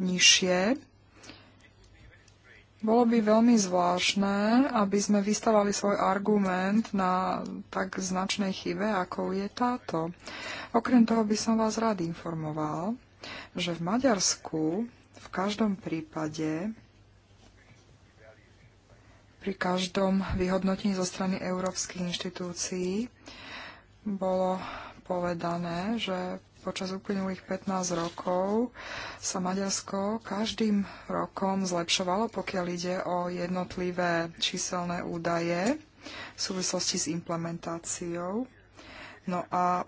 nižšie. Bolo by veľmi zvláštne, aby sme vystavali svoj argument na tak značnej chybe, ako je táto. Okrem toho by som vás rád informoval, že v Maďarsku v každom prípade pri každom vyhodnotení zo strany európskych inštitúcií bolo povedané, že počas uplynulých 15 rokov sa Maďarsko každým rokom zlepšovalo, pokiaľ ide o jednotlivé číselné údaje v súvislosti s implementáciou. No a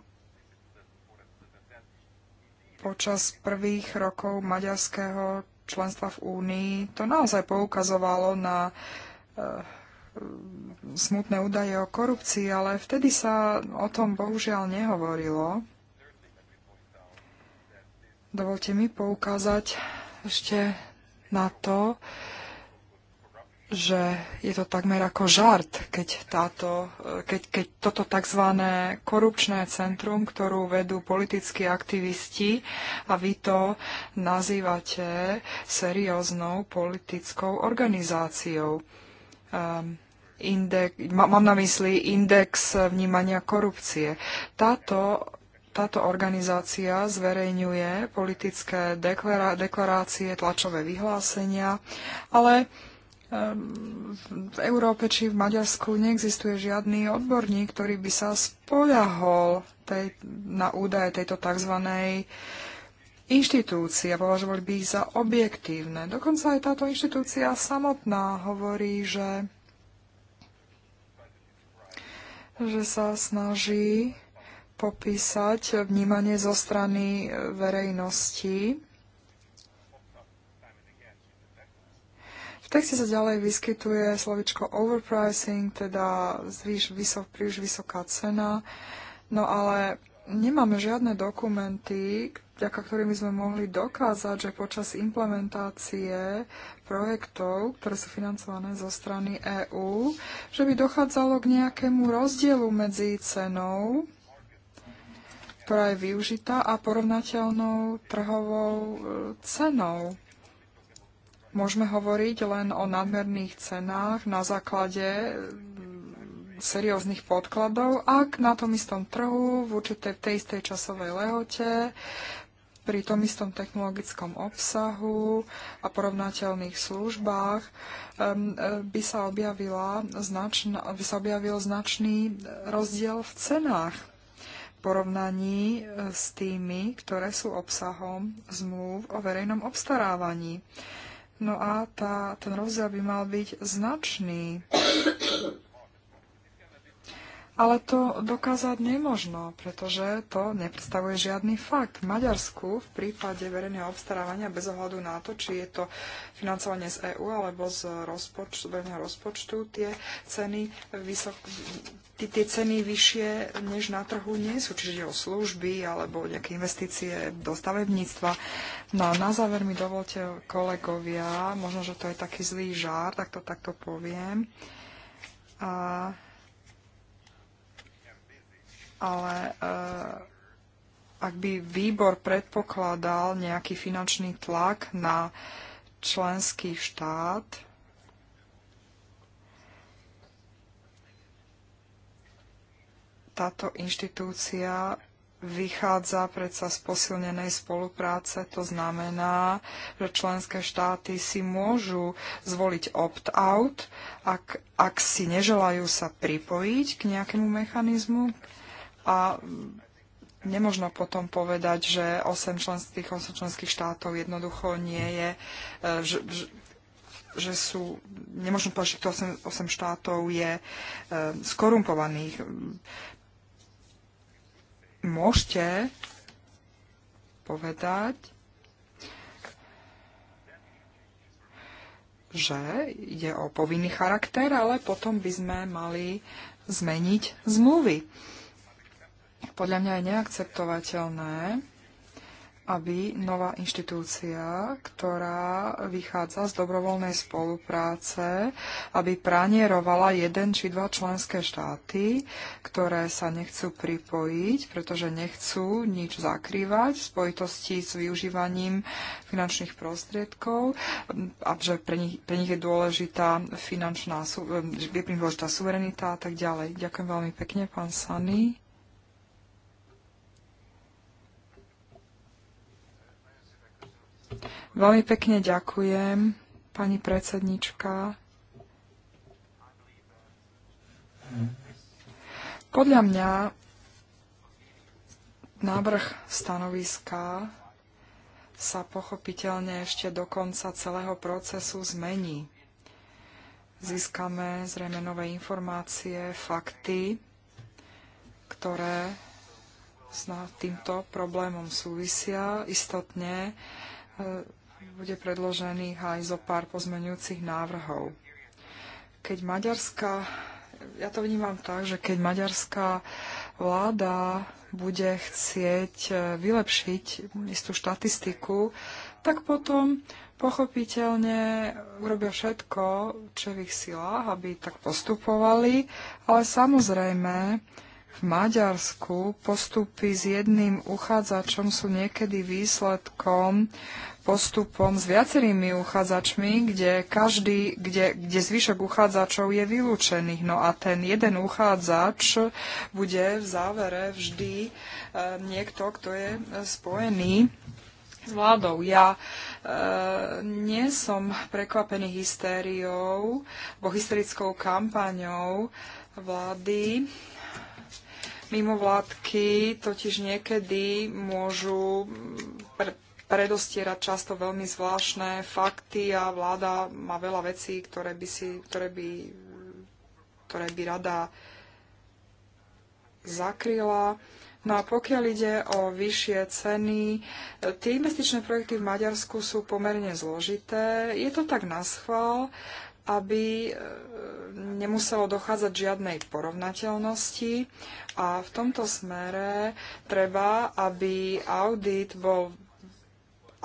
počas prvých rokov maďarského členstva v Únii to naozaj poukazovalo na e, smutné údaje o korupcii, ale vtedy sa o tom bohužiaľ nehovorilo. Dovolte mi poukázať ešte na to, že je to takmer ako žart, keď, táto, keď, keď toto tzv. korupčné centrum, ktorú vedú politickí aktivisti a vy to nazývate serióznou politickou organizáciou. Um, ehm, Index, mám na mysli index vnímania korupcie. Táto táto organizácia zverejňuje politické deklará- deklarácie, tlačové vyhlásenia, ale v Európe či v Maďarsku neexistuje žiadny odborník, ktorý by sa spoľahol tej, na údaje tejto tzv. inštitúcie a považovali by ich za objektívne. Dokonca aj táto inštitúcia samotná hovorí, že, že sa snaží popísať vnímanie zo strany e, verejnosti. V texte sa ďalej vyskytuje slovičko overpricing, teda zvýš, vysok, príliš vysoká cena, no ale nemáme žiadne dokumenty, vďaka ktorým sme mohli dokázať, že počas implementácie projektov, ktoré sú financované zo strany EÚ, že by dochádzalo k nejakému rozdielu medzi cenou ktorá je využitá a porovnateľnou trhovou e, cenou. Môžeme hovoriť len o nadmerných cenách na základe serióznych podkladov, ak na tom istom trhu v určitej tej istej časovej lehote pri tom istom technologickom obsahu a porovnateľných službách e, by sa, značná, by sa objavil značný e, rozdiel v cenách porovnaní e, s tými, ktoré sú obsahom zmluv o verejnom obstarávaní. No a tá, ten rozdiel by mal byť značný. Ale to dokázať nemožno, pretože to nepredstavuje žiadny fakt. V Maďarsku v prípade verejného obstarávania bez ohľadu na to, či je to financovanie z EÚ alebo z rozpočtu, verejného rozpočtu, tie ceny, vysok, tie, tie ceny vyššie než na trhu nie sú, čiže o služby alebo nejaké investície do stavebníctva. No a na záver mi dovolte kolegovia, možno, že to je taký zlý žár, tak to takto poviem. A ale eh, ak by výbor predpokladal nejaký finančný tlak na členský štát, táto inštitúcia vychádza predsa z posilnenej spolupráce. To znamená, že členské štáty si môžu zvoliť opt-out, ak, ak si neželajú sa pripojiť k nejakému mechanizmu, a nemožno potom povedať, že 8 členských, 8 členských štátov jednoducho nie je, e, že, že sú, nemôžno povedať, že 8, 8 štátov je e, skorumpovaných. Môžete povedať, že ide o povinný charakter, ale potom by sme mali zmeniť zmluvy. Podľa mňa je neakceptovateľné, aby nová inštitúcia, ktorá vychádza z dobrovoľnej spolupráce, aby pranierovala jeden či dva členské štáty, ktoré sa nechcú pripojiť, pretože nechcú nič zakrývať v spojitosti s využívaním finančných prostriedkov a že pre nich, pre nich je dôležitá finančná, je dôležitá suverenita a tak ďalej. Ďakujem veľmi pekne, pán Sany. Veľmi pekne ďakujem, pani predsednička. Podľa mňa návrh stanoviska sa pochopiteľne ešte do konca celého procesu zmení. Získame zrejme nové informácie, fakty, ktoré s týmto problémom súvisia. Istotne E, bude predložených aj zo pár pozmenujúcich návrhov. Keď Maďarská, ja to vnímam tak, že keď Maďarská vláda bude chcieť e, vylepšiť istú štatistiku, tak potom pochopiteľne urobia všetko, čo v ich silách, aby tak postupovali, ale samozrejme v Maďarsku postupy s jedným uchádzačom sú niekedy výsledkom postupom s viacerými uchádzačmi, kde každý, kde, kde zvyšok uchádzačov je vylúčený. No a ten jeden uchádzač bude v závere vždy e, niekto, kto je spojený s vládou. Ja e, nie som prekvapený hystériou, bo hysterickou kampaňou vlády. Mimovládky totiž niekedy môžu mm, pre, predostierať často veľmi zvláštne fakty a vláda má veľa vecí, ktoré by, si, ktoré by, ktoré by rada zakryla. No a pokiaľ ide o vyššie ceny, tie investičné projekty v Maďarsku sú pomerne zložité. Je to tak na schvál, aby eh, nemuselo dochádzať žiadnej porovnateľnosti a v tomto smere treba, aby audit bol,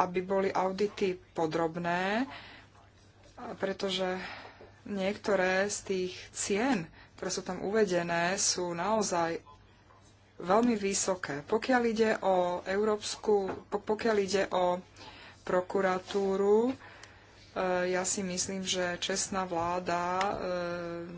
aby boli audity podrobné, pretože niektoré z tých cien, ktoré sú tam uvedené, sú naozaj veľmi vysoké. Pokiaľ ide o európsku, pokiaľ ide o prokuratúru, E, ja si myslím, že čestná vláda e,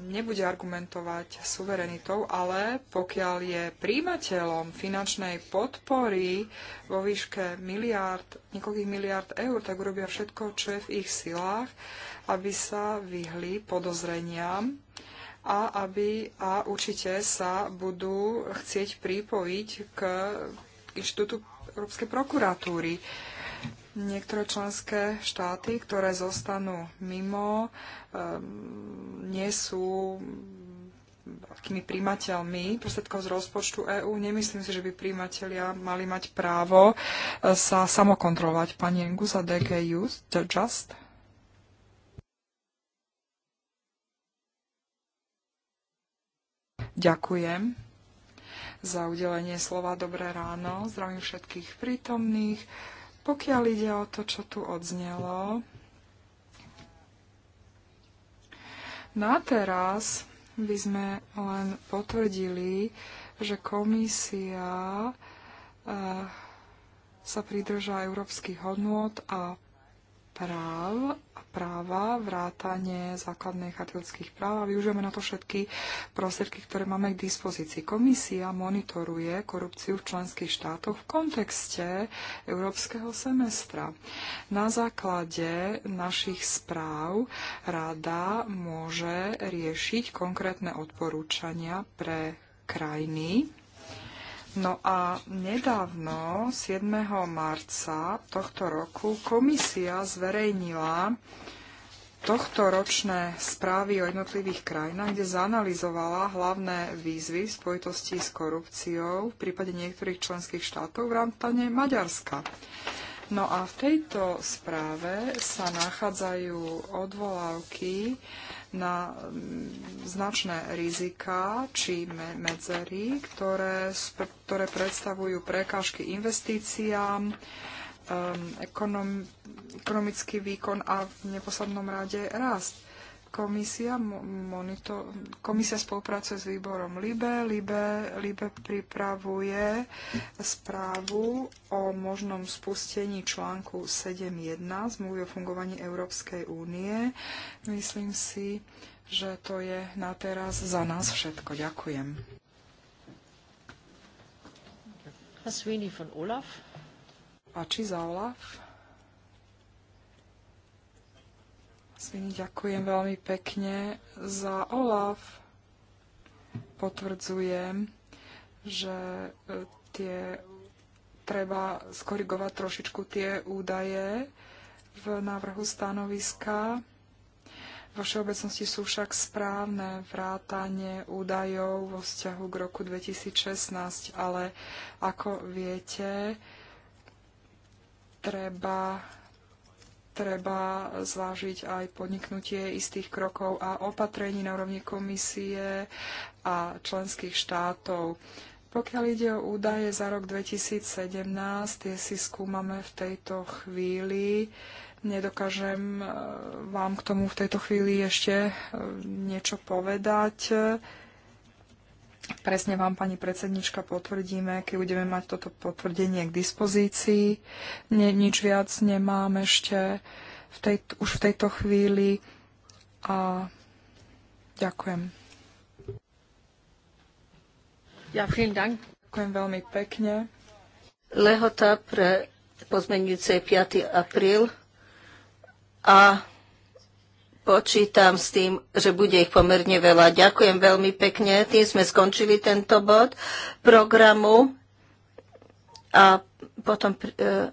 nebude argumentovať suverenitou, ale pokiaľ je príjimateľom finančnej podpory vo výške miliard, niekoľkých miliard eur, tak urobia všetko, čo je v ich silách, aby sa vyhli podozreniam a, aby, a určite sa budú chcieť pripojiť k Inštitútu Európskej prokuratúry niektoré členské štáty, ktoré zostanú mimo, ehm, nie sú veľkými príjmateľmi prostredkov z rozpočtu EÚ. Nemyslím si, že by príjmatelia mali mať právo e, sa samokontrolovať. Pani Engus a DG Just. Ďakujem za udelenie slova. Dobré ráno. Zdravím všetkých prítomných. Pokiaľ ide o to, čo tu odznelo, no a teraz by sme len potvrdili, že komisia eh, sa pridrža európskych hodnôt a práv práva, vrátanie základných a ľudských práv a využijeme na to všetky prostriedky, ktoré máme k dispozícii. Komisia monitoruje korupciu v členských štátoch v kontexte európskeho semestra. Na základe našich správ rada môže riešiť konkrétne odporúčania pre krajiny No a nedávno, 7. marca tohto roku, komisia zverejnila tohto ročné správy o jednotlivých krajinách, kde zanalizovala hlavné výzvy v spojitosti s korupciou v prípade niektorých členských štátov rámtane Maďarska. No a v tejto správe sa nachádzajú odvolávky na mm, značné rizika či medzery, ktoré, ktoré predstavujú prekážky investíciám, um, ekonom, ekonomický výkon a v neposlednom rade rast komisia, monitor, komisia spolupracuje s výborom LIBE. LIBE. LIBE pripravuje správu o možnom spustení článku 7.1 zmluvy o fungovaní Európskej únie. Myslím si, že to je na teraz za nás všetko. Ďakujem. A či za Olaf? Ďakujem veľmi pekne za OLAF. Potvrdzujem, že e, tie treba skorigovať trošičku tie údaje v návrhu stanoviska. Vo všeobecnosti sú však správne vrátanie údajov vo vzťahu k roku 2016, ale ako viete, treba treba zvážiť aj podniknutie istých krokov a opatrení na úrovni komisie a členských štátov. Pokiaľ ide o údaje za rok 2017, tie si skúmame v tejto chvíli. Nedokážem e, vám k tomu v tejto chvíli ešte e, niečo povedať. Presne vám, pani predsednička, potvrdíme, keď budeme mať toto potvrdenie k dispozícii. Nie, nič viac nemám ešte v tej, už v tejto chvíli a ďakujem. Ja, vielen Dank. Ďakujem veľmi pekne. Lehota pre pozmenujúce 5. apríl a Počítam s tým, že bude ich pomerne veľa. Ďakujem veľmi pekne. Tým sme skončili tento bod programu. A potom, e,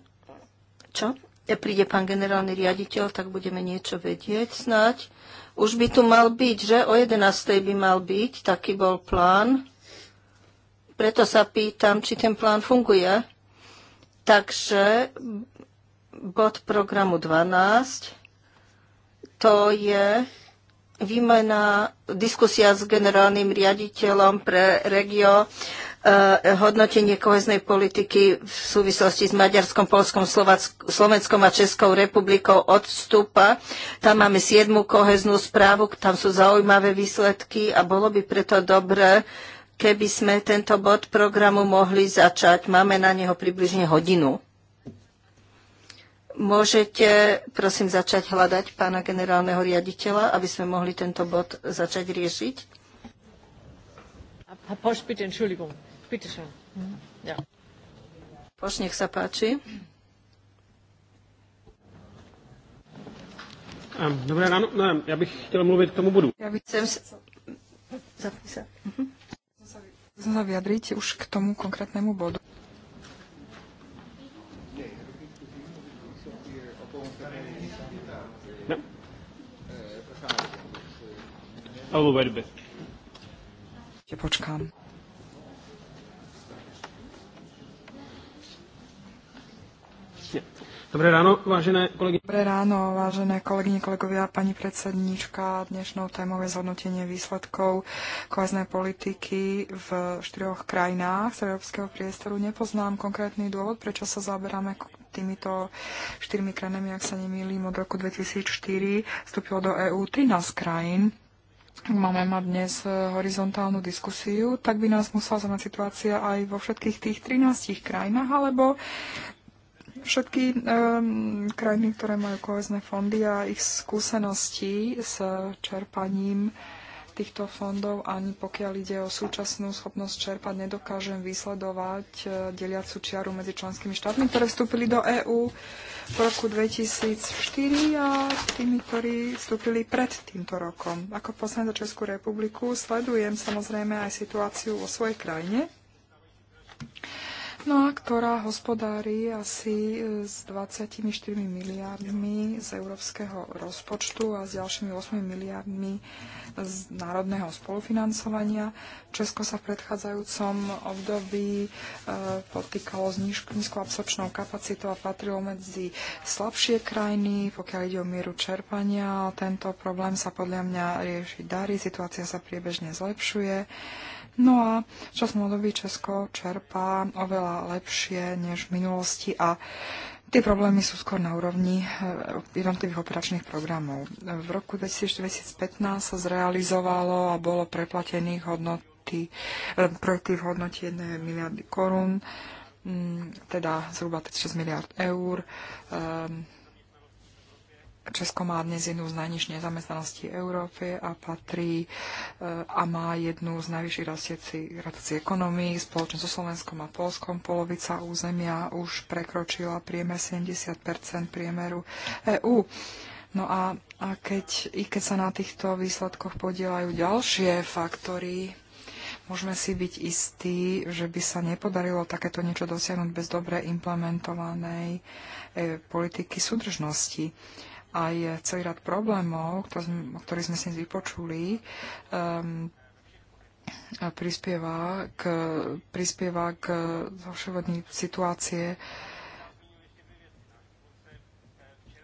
čo? E, príde pán generálny riaditeľ, tak budeme niečo vedieť snať. Už by tu mal byť, že? O 11. by mal byť, taký bol plán. Preto sa pýtam, či ten plán funguje. Takže bod programu 12 to je výmena, diskusia s generálnym riaditeľom pre regio, eh, hodnotenie koheznej politiky v súvislosti s Maďarskom, Polskom, Slovack- Slovenskom a Českou republikou odstupa. Tam máme siedmu koheznú správu, tam sú zaujímavé výsledky a bolo by preto dobré, keby sme tento bod programu mohli začať. Máme na neho približne hodinu. Môžete, prosím, začať hľadať pána generálneho riaditeľa, aby sme mohli tento bod začať riešiť? Poš, bitte, Entschuldigung. Bitte schön. Ja. Poš, nech sa páči. Ehm, dobré ráno, ne, no, ehm, ja bych chtěl mluvit k tomu bodu. Ja bych mhm. chcem se... Zapísať. Chcem sa vyjadriť už k tomu konkrétnemu bodu. alebo verbe. Ja Počkám. Dobré ráno, vážené kolegy. Dobré ráno, vážené kolegyne, kolegovia, pani predsedníčka. Dnešnou témou je zhodnotenie výsledkov koheznej politiky v štyroch krajinách z európskeho priestoru. Nepoznám konkrétny dôvod, prečo sa zaberáme týmito štyrmi krajinami, ak sa nemýlim, od roku 2004 vstúpilo do EÚ 13 krajín máme mať dnes e, horizontálnu diskusiu, tak by nás musela zaujímať situácia aj vo všetkých tých 13 krajinách, alebo všetky um, krajiny, ktoré majú kohezné fondy a ich skúsenosti s čerpaním uh, týchto fondov, ani pokiaľ ide o súčasnú schopnosť čerpať, nedokážem vysledovať e, deliacu čiaru medzi členskými štátmi, ktoré vstúpili do EÚ v roku 2004 a tými, ktorí vstúpili pred týmto rokom. Ako poslanec za Českú republiku sledujem samozrejme aj situáciu vo svojej krajine. Jedna, ktorá hospodári asi e, s 24 miliardmi z európskeho rozpočtu a s ďalšími 8 miliardmi z národného spolufinancovania. Česko sa v predchádzajúcom období e, potýkalo s nízkou absorpčnou kapacitou a patrilo medzi slabšie krajiny, pokiaľ ide o mieru čerpania. Tento problém sa podľa mňa rieši darí, situácia sa priebežne zlepšuje No a v časnom Česko čerpá oveľa lepšie než v minulosti a Tie problémy sú skôr na úrovni eh, jednotlivých operačných programov. V roku 2015 sa zrealizovalo a bolo preplatených hodnoty, eh, projekty v hodnote 1 miliardy korún, mm, teda zhruba 36 miliard eur. Um, Česko má dnes jednu z najnižších nezamestnaností Európy a patrí e, a má jednu z najvyšších rastiecí ekonomí. Spoločne so Slovenskom a Polskom polovica územia už prekročila priemer 70 priemeru EÚ. No a, a keď, i keď sa na týchto výsledkoch podielajú ďalšie faktory, môžeme si byť istí, že by sa nepodarilo takéto niečo dosiahnuť bez dobre implementovanej e, politiky súdržnosti aj celý rad problémov, o ktorých sme si vypočuli, um, prispieva k, prispieva k zhoršovaní situácie uh,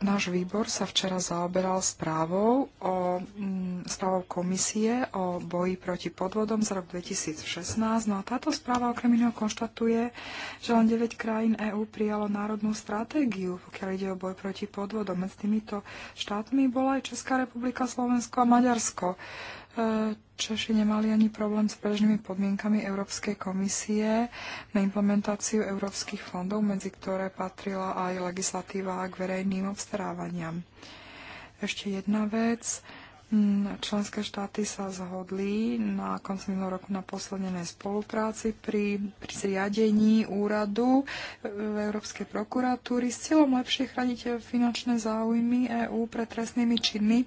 Náš výbor sa včera zaoberal správou, o, mm, správou komisie o boji proti podvodom za rok 2016. No a táto správa okrem iného konštatuje, že len 9 krajín EÚ prijalo národnú stratégiu, pokiaľ ide o boj proti podvodom. Medzi týmito štátmi bola aj Česká republika, Slovensko a Maďarsko. Češi nemali ani problém s bežnými podmienkami Európskej komisie na implementáciu európskych fondov, medzi ktoré patrila aj legislatíva k verejným obstarávaniam. Ešte jedna vec. Mm, Členské štáty sa zhodli na konci minulého roku na poslednenej spolupráci pri, pri zriadení úradu Európskej prokuratúry s cieľom lepšie chrániť finančné záujmy EÚ pred trestnými činmi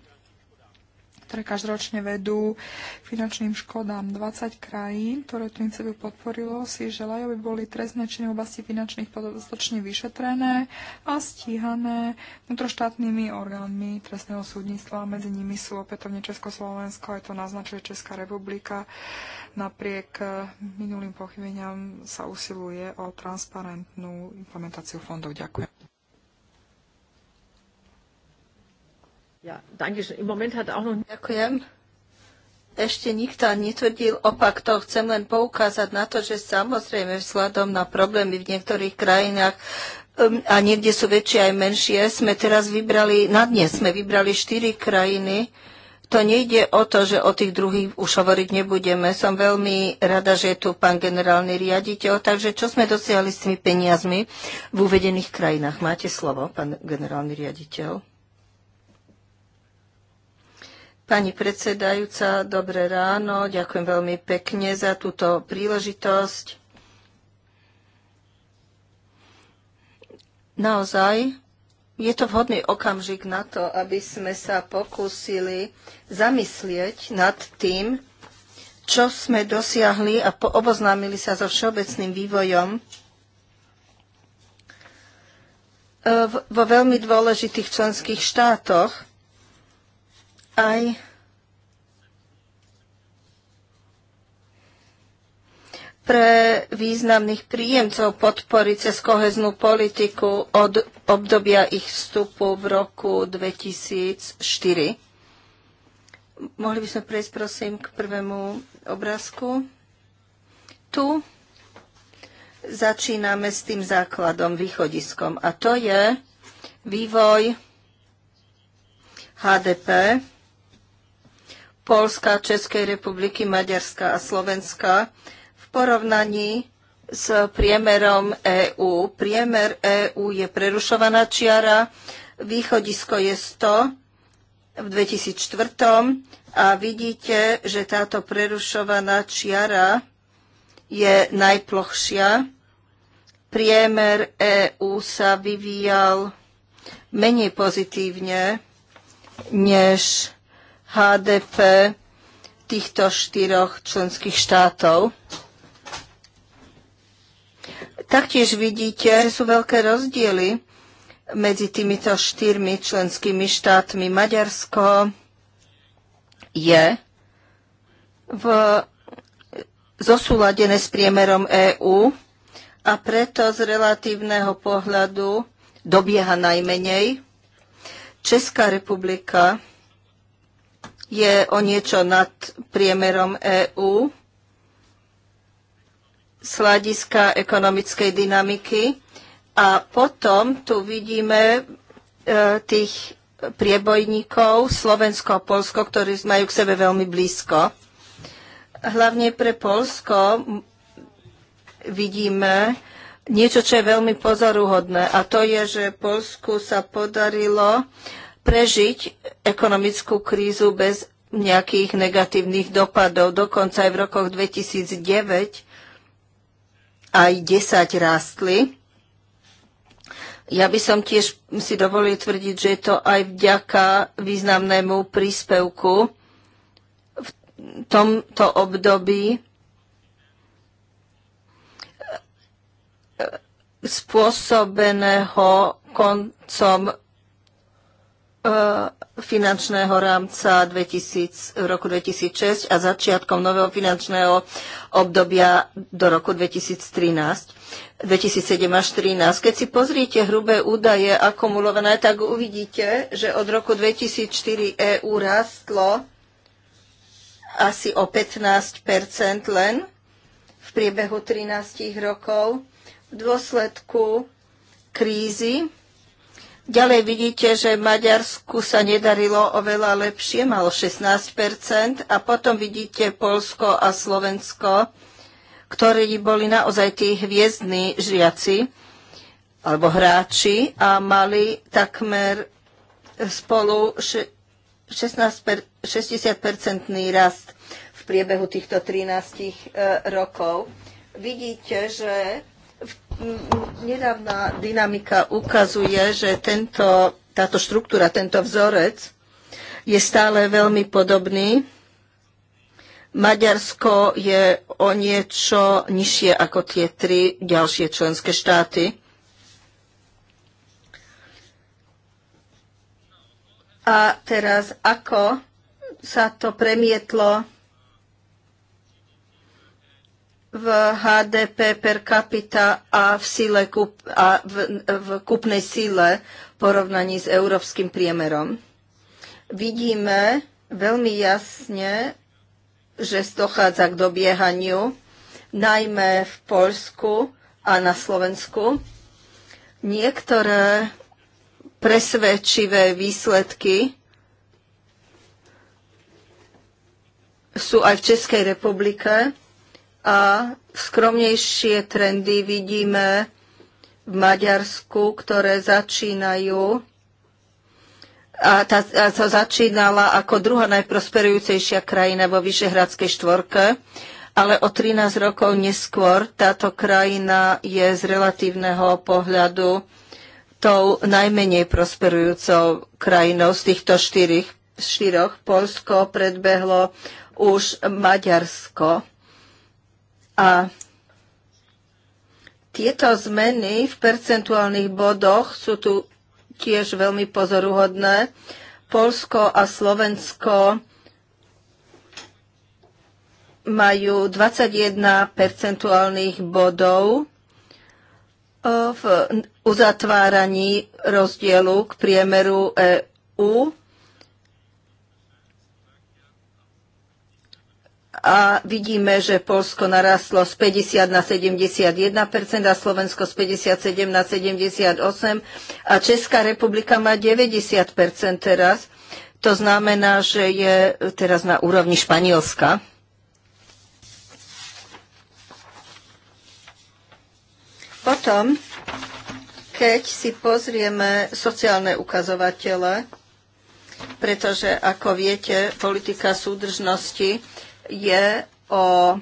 ktoré každoročne vedú k finančným škodám. 20 krajín, ktoré tú iniciatívu podporilo, si želajú, aby boli trestné činy v oblasti finančných dostatočne vyšetrené a stíhané vnútroštátnymi orgánmi trestného súdnictva. Medzi nimi sú opätovne Československo, aj to naznačuje Česká republika. Napriek eh, minulým pochybeniam sa usiluje o transparentnú implementáciu fondov. Ďakujem. Ja, noch... Ďakujem. Ešte nikto netvrdil opak to. Chcem len poukázať na to, že samozrejme vzhľadom na problémy v niektorých krajinách um, a niekde sú väčšie aj menšie, sme teraz vybrali, na dnes sme vybrali štyri krajiny, to nejde o to, že o tých druhých už hovoriť nebudeme. Som veľmi rada, že je tu pán generálny riaditeľ. Takže čo sme dosiahli s tými peniazmi v uvedených krajinách? Máte slovo, pán generálny riaditeľ. Pani predsedajúca, dobré ráno. Ďakujem veľmi pekne za túto príležitosť. Naozaj je to vhodný okamžik na to, aby sme sa pokúsili zamyslieť nad tým, čo sme dosiahli a oboznámili sa so všeobecným vývojom e, vo veľmi dôležitých členských štátoch i pre významných príjemcov podpory cez koheznú politiku od obdobia ich vstupu v roku 2004. Mohli by sme prejsť, prosím, k prvému obrázku. Tu začíname s tým základom, východiskom, a to je vývoj HDP Polska, Českej republiky, Maďarska a Slovenska v porovnaní s priemerom EÚ. Priemer EÚ je prerušovaná čiara, východisko je 100 v 2004 a vidíte, že táto prerušovaná čiara je najplochšia. Priemer EÚ sa vyvíjal menej pozitívne než HDP týchto štyroch členských štátov. Taktiež vidíte, že sú veľké rozdiely medzi týmito štyrmi členskými štátmi. Maďarsko je v zosúladené s priemerom EÚ a preto z relatívneho pohľadu dobieha najmenej. Česká republika je o niečo nad priemerom EÚ z hľadiska ekonomickej dynamiky. A potom tu vidíme e, tých priebojníkov Slovensko a Polsko, ktorí majú k sebe veľmi blízko. Hlavne pre Polsko vidíme niečo, čo je veľmi pozoruhodné. A to je, že Polsku sa podarilo e, prežiť ekonomickú krízu bez nejakých negatívnych dopadov. Dokonca aj v rokoch 2009 aj 10 rástli. Ja by som tiež si dovolil tvrdiť, že je to aj vďaka významnému príspevku v tomto období spôsobeného koncom E, finančného rámca 2000, roku 2006 a začiatkom nového finančného obdobia do roku 2013, 2007 až 2013. Keď si pozriete hrubé údaje akumulované, tak uvidíte, že od roku 2004 EÚ rastlo asi o 15 len v priebehu 13 rokov v dôsledku krízy Ďalej vidíte, že Maďarsku sa nedarilo oveľa lepšie, malo 16 a potom vidíte Polsko a Slovensko, ktorí boli naozaj tí hviezdní žiaci alebo hráči a mali takmer spolu 60-percentný rast v priebehu týchto 13 e, rokov. Vidíte, že nedávna dynamika ukazuje, že tento, táto štruktúra, tento vzorec je stále veľmi podobný. Maďarsko je o niečo nižšie ako tie tri ďalšie členské štáty. A teraz ako sa to premietlo v HDP per capita a v, síle a v, v kupnej síle v porovnaní s európskym priemerom. Vidíme veľmi jasne, že dochádza k dobiehaniu, najmä v Polsku a na Slovensku. Niektoré presvedčivé výsledky sú aj v Českej republike a skromnejšie trendy vidíme v Maďarsku, ktoré začínajú a tá sa začínala ako druhá najprosperujúcejšia krajina vo Vyšehradskej štvorke, ale o 13 rokov neskôr táto krajina je z relatívneho pohľadu tou najmenej prosperujúcou krajinou z týchto štyrich, štyroch. Polsko predbehlo už Maďarsko a tieto zmeny v percentuálnych bodoch sú tu tiež veľmi pozoruhodné. Polsko a Slovensko majú 21 percentuálnych bodov e, v uzatváraní rozdielu k priemeru EU a vidíme, že Polsko narastlo z 50 na 71 a Slovensko z 57 na 78 a Česká republika má 90 teraz. To znamená, že je teraz na úrovni Španielska. Potom, keď si pozrieme sociálne ukazovatele, pretože, ako viete, politika súdržnosti je o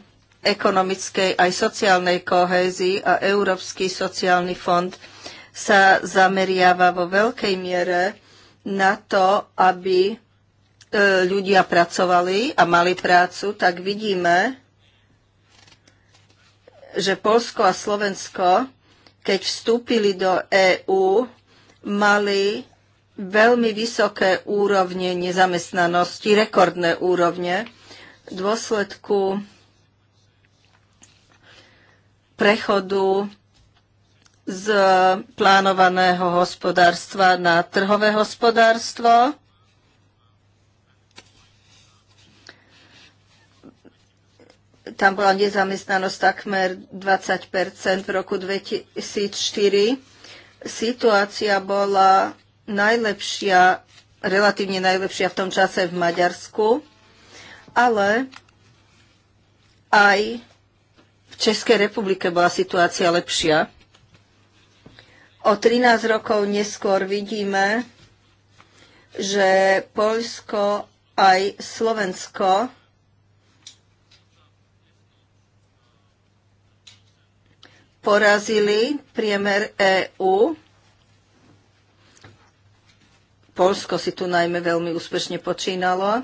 ekonomickej aj sociálnej kohézii a Európsky sociálny fond sa zameriava vo veľkej miere na to, aby e, ľudia pracovali a mali prácu, tak vidíme, že Polsko a Slovensko, keď vstúpili do EÚ, mali veľmi vysoké úrovne nezamestnanosti, rekordné úrovne dôsledku prechodu z plánovaného hospodárstva na trhové hospodárstvo. Tam bola nezamestnanosť takmer 20 v roku 2004. Situácia bola najlepšia, relatívne najlepšia v tom čase v Maďarsku ale aj v Českej republike bola situácia lepšia. O 13 rokov neskôr vidíme, že Poľsko aj Slovensko porazili priemer EÚ. Polsko si tu najmä veľmi úspešne počínalo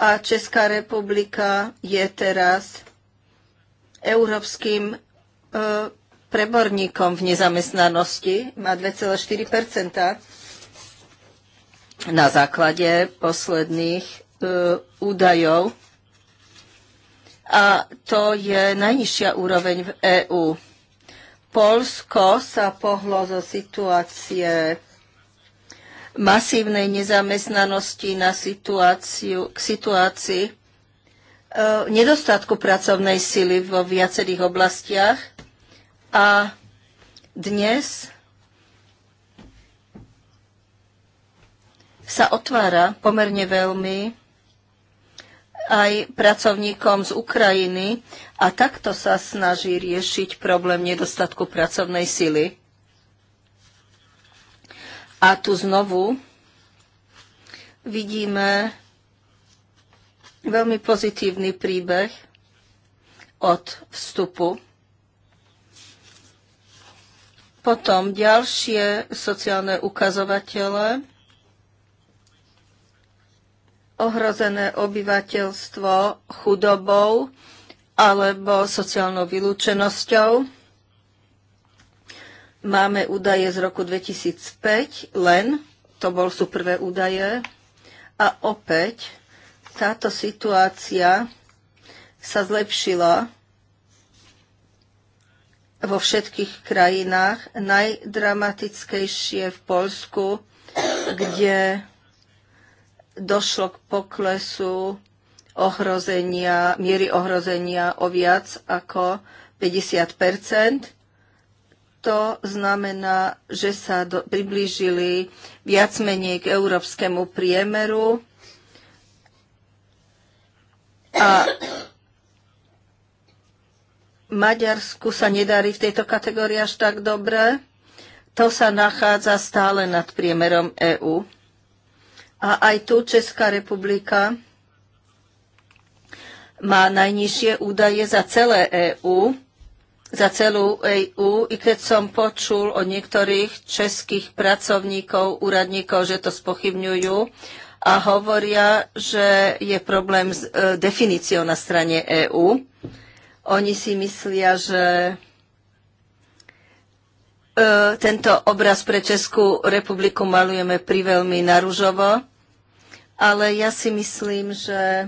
a Česká republika je teraz európskym e, preborníkom v nezamestnanosti, má 2,4 na základe posledných e, údajov. A to je najnižšia úroveň v EÚ. Polsko sa pohlo zo situácie masívnej nezamestnanosti na situáciu, k situácii e, nedostatku pracovnej sily vo viacerých oblastiach a dnes sa otvára pomerne veľmi aj pracovníkom z Ukrajiny a takto sa snaží riešiť problém nedostatku pracovnej sily. A tu znovu vidíme veľmi pozitívny príbeh od vstupu. Potom ďalšie sociálne ukazovatele. Ohrozené obyvateľstvo chudobou alebo sociálnou vylúčenosťou Máme údaje z roku 2005 len, to bol sú prvé údaje. A opäť táto situácia sa zlepšila vo všetkých krajinách. Najdramatickejšie v Polsku, kde došlo k poklesu ohrozenia, miery ohrozenia o viac ako 50 to znamená, že sa do, priblížili viac menej k európskemu priemeru a Maďarsku sa nedarí v tejto kategórii až tak dobre. To sa nachádza stále nad priemerom EÚ. A aj tu Česká republika má najnižšie údaje za celé EÚ za celú EÚ, i keď som počul od niektorých českých pracovníkov, úradníkov, že to spochybňujú a hovoria, že je problém s e, definíciou na strane EÚ. Oni si myslia, že e, tento obraz pre Českú republiku malujeme priveľmi narúžovo, ale ja si myslím, že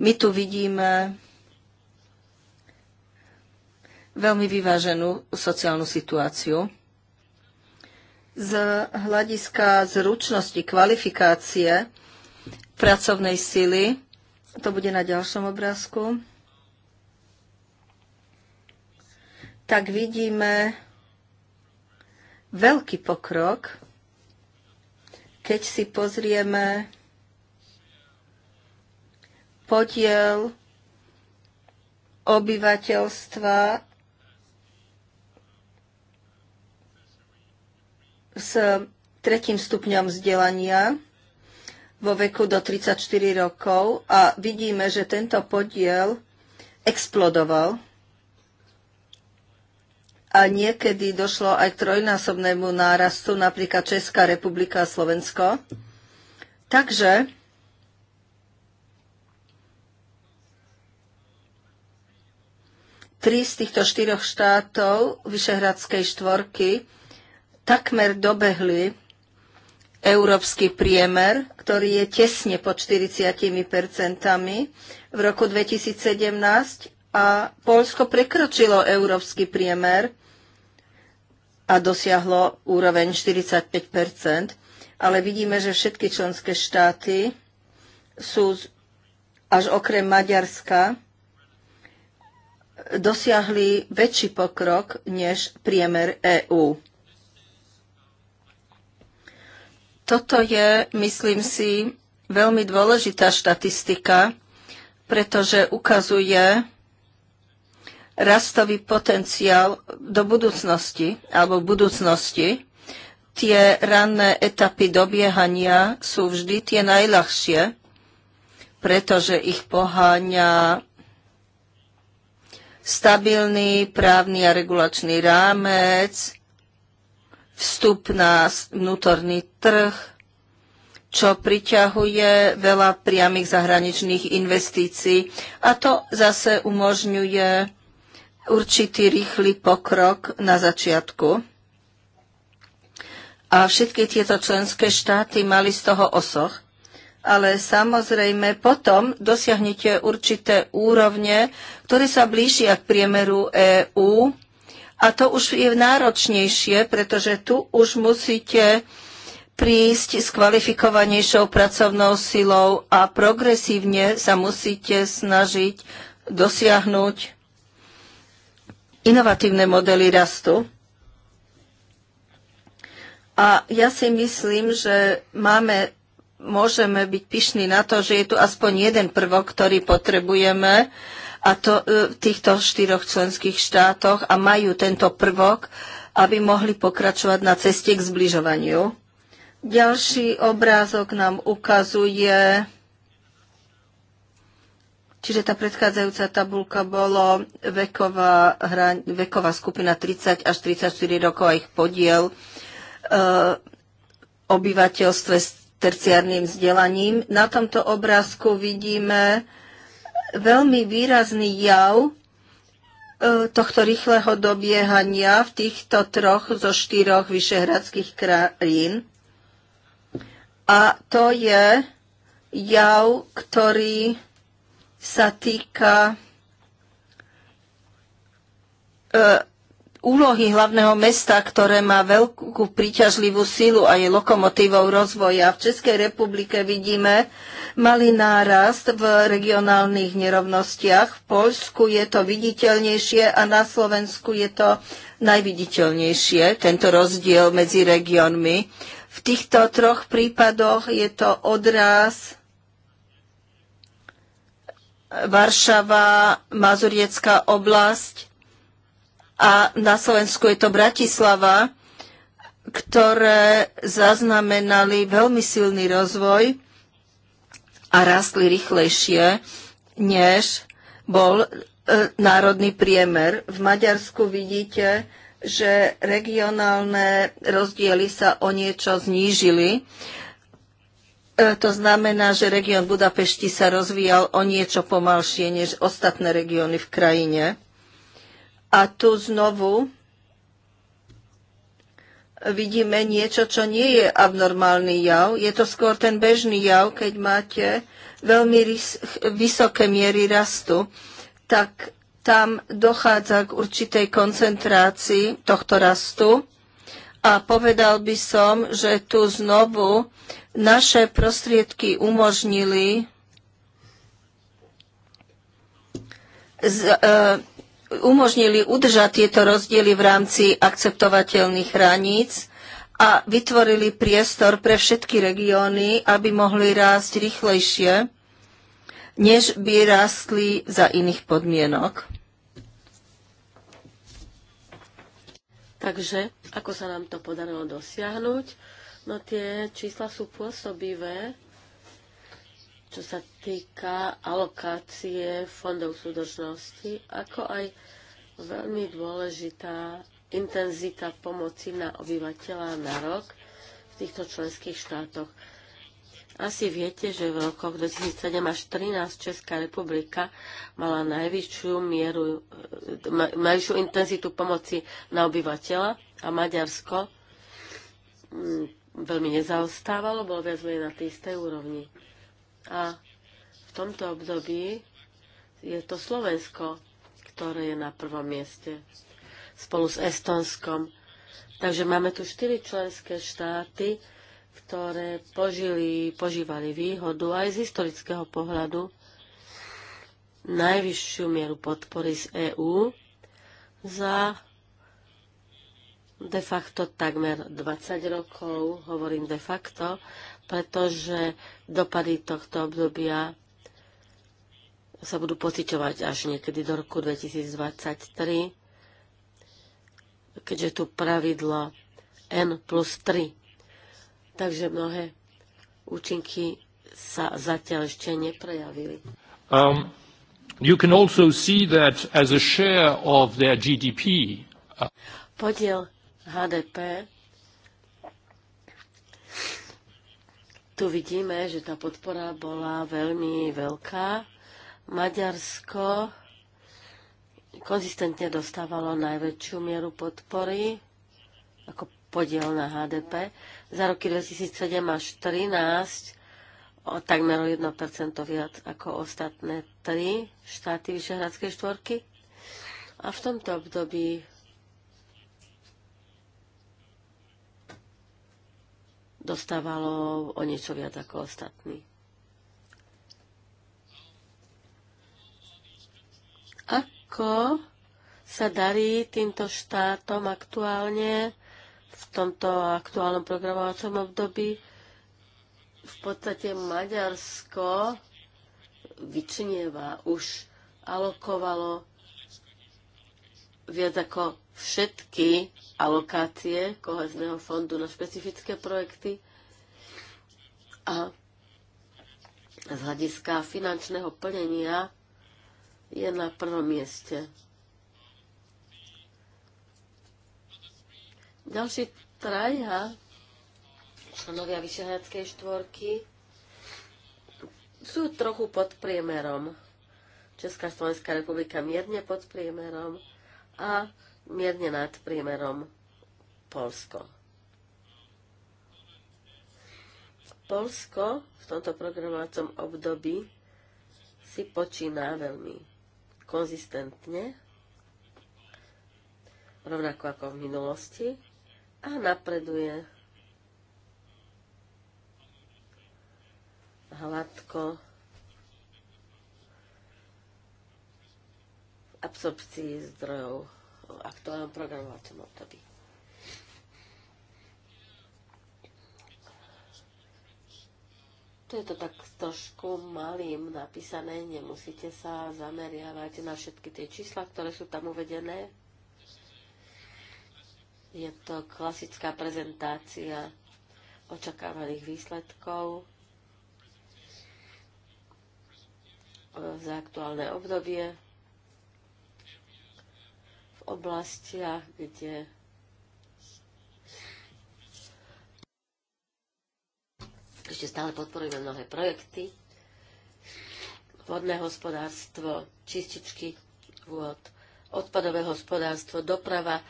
my tu vidíme veľmi vyváženú sociálnu situáciu. Z hľadiska zručnosti, kvalifikácie pracovnej sily, to bude na ďalšom obrázku, tak vidíme veľký pokrok, keď si pozrieme podiel obyvateľstva s tretím stupňom vzdelania vo veku do 34 rokov a vidíme, že tento podiel explodoval a niekedy došlo aj k trojnásobnému nárastu, napríklad Česká republika a Slovensko. Takže tri z týchto štyroch štátov Vyšehradskej štvorky takmer dobehli európsky priemer, ktorý je tesne pod 40 v roku 2017 a Polsko prekročilo európsky priemer a dosiahlo úroveň 45 ale vidíme, že všetky členské štáty sú až okrem Maďarska dosiahli väčší pokrok než priemer EÚ. Toto je, myslím si, veľmi dôležitá štatistika, pretože ukazuje rastový potenciál do budúcnosti alebo v budúcnosti. Tie ranné etapy dobiehania sú vždy tie najľahšie, pretože ich poháňa stabilný právny a regulačný rámec, vstup na vnútorný trh, čo priťahuje veľa priamých zahraničných investícií. A to zase umožňuje určitý rýchly pokrok na začiatku. A všetky tieto členské štáty mali z toho osoch. Ale samozrejme potom dosiahnete určité úrovne, ktoré sa blížia k priemeru EÚ a to už je náročnejšie, pretože tu už musíte prísť s kvalifikovanejšou pracovnou silou a progresívne sa musíte snažiť dosiahnuť inovatívne modely rastu. A ja si myslím, že máme, môžeme byť pyšní na to, že je tu aspoň jeden prvok, ktorý potrebujeme a to e, v týchto štyroch členských štátoch a majú tento prvok, aby mohli pokračovať na ceste k zbližovaniu. Ďalší obrázok nám ukazuje, čiže tá predchádzajúca tabulka bolo veková, hra, veková skupina 30 až 34 rokov a ich podiel e, obyvateľstve s terciárnym vzdelaním. Na tomto obrázku vidíme, veľmi výrazný jav e, tohto rýchleho dobiehania v týchto troch zo štyroch vyšehradských krajín. A to je jav, ktorý sa týka e, úlohy hlavného mesta, ktoré má veľkú príťažlivú silu a je lokomotívou rozvoja. V Českej republike vidíme malý nárast v regionálnych nerovnostiach. V Poľsku je to viditeľnejšie a na Slovensku je to najviditeľnejšie, tento rozdiel medzi regiónmi. V týchto troch prípadoch je to odraz Varšava, Mazuriecká oblasť a na Slovensku je to Bratislava, ktoré zaznamenali veľmi silný rozvoj a rastli rýchlejšie, než bol e, národný priemer. V Maďarsku vidíte, že regionálne rozdiely sa o niečo znížili. E, to znamená, že región Budapešti sa rozvíjal o niečo pomalšie než ostatné regióny v krajine. A tu znovu vidíme niečo, čo nie je abnormálny jav. Je to skôr ten bežný jav, keď máte veľmi vysoké miery rastu, tak tam dochádza k určitej koncentrácii tohto rastu. A povedal by som, že tu znovu naše prostriedky umožnili z, e, umožnili udržať tieto rozdiely v rámci akceptovateľných hraníc a vytvorili priestor pre všetky regióny, aby mohli rásť rýchlejšie, než by rástli za iných podmienok. Takže, ako sa nám to podarilo dosiahnuť? No tie čísla sú pôsobivé čo sa týka alokácie fondov súdržnosti, ako aj veľmi dôležitá intenzita pomoci na obyvateľa na rok v týchto členských štátoch. Asi viete, že v rokoch 2007 až 2013 Česká republika mala najvyššiu mieru, e, najvyššiu intenzitu pomoci na obyvateľa a Maďarsko mm, veľmi nezaostávalo, bolo viac menej na tej istej úrovni. A v tomto období je to Slovensko, ktoré je na prvom mieste spolu s Estonskom. Takže máme tu štyri členské štáty, ktoré požili, požívali výhodu aj z historického pohľadu najvyššiu mieru podpory z EÚ za de facto takmer 20 rokov, hovorím de facto, pretože dopady tohto obdobia sa budú pociťovať až niekedy do roku 2023, keďže tu pravidlo N plus 3. Takže mnohé účinky sa zatiaľ ešte neprejavili. Um, you can also see that as a share of their GDP. Uh, Podiel HDP Tu vidíme, že tá podpora bola veľmi veľká. Maďarsko konzistentne dostávalo najväčšiu mieru podpory ako podiel na HDP. Za roky 2007 až 2013 o takmer 1% viac ako ostatné tri štáty Vyšehradskej štvorky. A v tomto období dostávalo o niečo viac ako ostatní. Ako sa darí týmto štátom aktuálne v tomto aktuálnom programovacom období? V podstate Maďarsko vyčnieva, už alokovalo viac ako všetky alokácie kohezného fondu na špecifické projekty a z hľadiska finančného plnenia je na prvom mieste. Ďalší traja členovia Vyšehradskej štvorky sú trochu pod priemerom. Česká Slovenská republika mierne pod priemerom, a mierne nad priemerom Polsko. Polsko v tomto programovacom období si počína veľmi konzistentne, rovnako ako v minulosti, a napreduje hladko absorpcii zdrojov v aktuálnom programovacom období. To je to tak trošku malým napísané, nemusíte sa zameriavať na všetky tie čísla, ktoré sú tam uvedené. Je to klasická prezentácia očakávaných výsledkov za aktuálne obdobie oblastiach, kde ešte stále podporujeme mnohé projekty, vodné hospodárstvo, čističky vôd, odpadové hospodárstvo, doprava,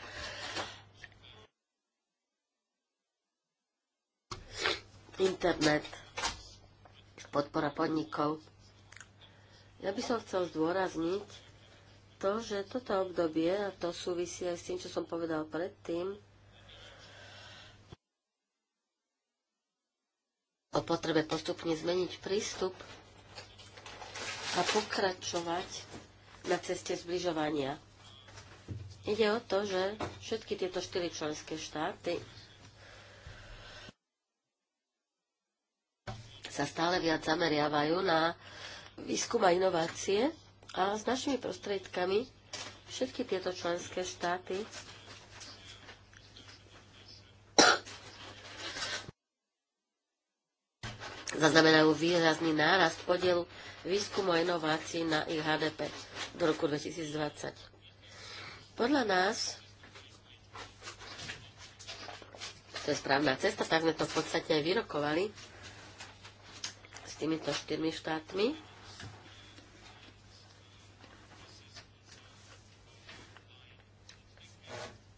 internet, podpora podnikov. Ja by som chcel zdôrazniť, to, že toto obdobie, a to súvisí aj s tým, čo som povedal predtým, o potrebe postupne zmeniť prístup a pokračovať na ceste zbližovania. Ide o to, že všetky tieto štyri členské štáty sa stále viac zameriavajú na výskum a inovácie a s našimi prostriedkami všetky tieto členské štáty zaznamenajú výrazný nárast podielu výskumu a inovácií na ich HDP do roku 2020. Podľa nás to je správna cesta, tak sme to v podstate aj vyrokovali s týmito štyrmi štátmi.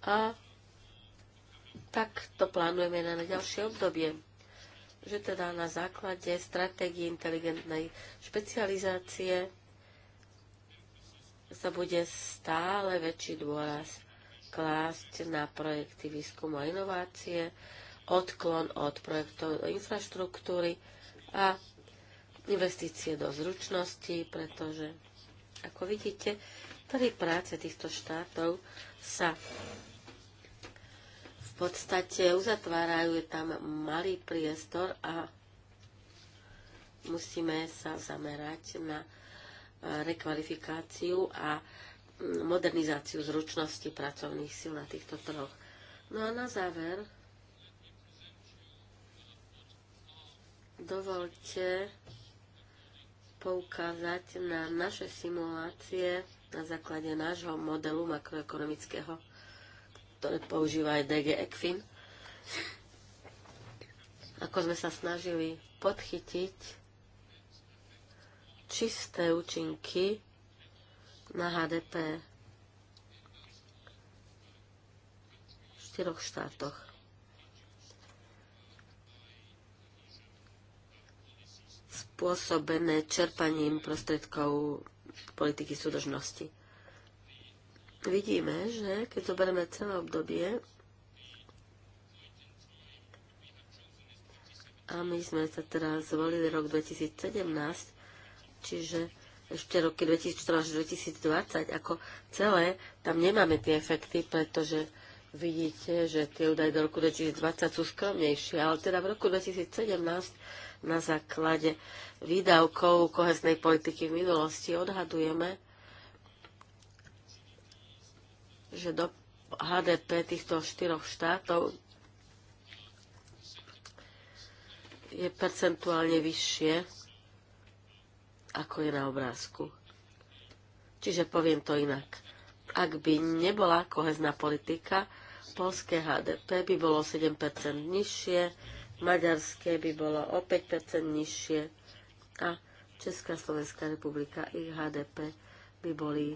A tak to plánujeme na ďalšie obdobie. Že teda na základe stratégie inteligentnej špecializácie sa bude stále väčší dôraz klásť na projekty výskumu a inovácie, odklon od projektov do infraštruktúry a investície do zručnosti, pretože, ako vidíte, tady práce týchto štátov sa v podstate uzatvárajú, je tam malý priestor a musíme sa zamerať na e, rekvalifikáciu a mm, modernizáciu zručnosti pracovných síl na týchto trhoch. No a na záver dovolte poukázať na naše simulácie na základe nášho modelu makroekonomického ktoré používa aj DG Ekfin. Ako sme sa snažili podchytiť čisté účinky na HDP v štyroch štátoch. spôsobené čerpaním prostriedkov politiky súdržnosti vidíme, že keď zoberieme celé obdobie, a my sme sa teraz zvolili rok 2017, čiže ešte roky 2014-2020 ako celé, tam nemáme tie efekty, pretože vidíte, že tie údaje do roku 2020 sú skromnejšie, ale teda v roku 2017 na základe výdavkov kohesnej politiky v minulosti odhadujeme, že do HDP týchto štyroch štátov je percentuálne vyššie, ako je na obrázku. Čiže poviem to inak. Ak by nebola kohezná politika, polské HDP by bolo 7% nižšie, maďarské by bolo o 5% nižšie a Česká Slovenská republika, ich HDP by boli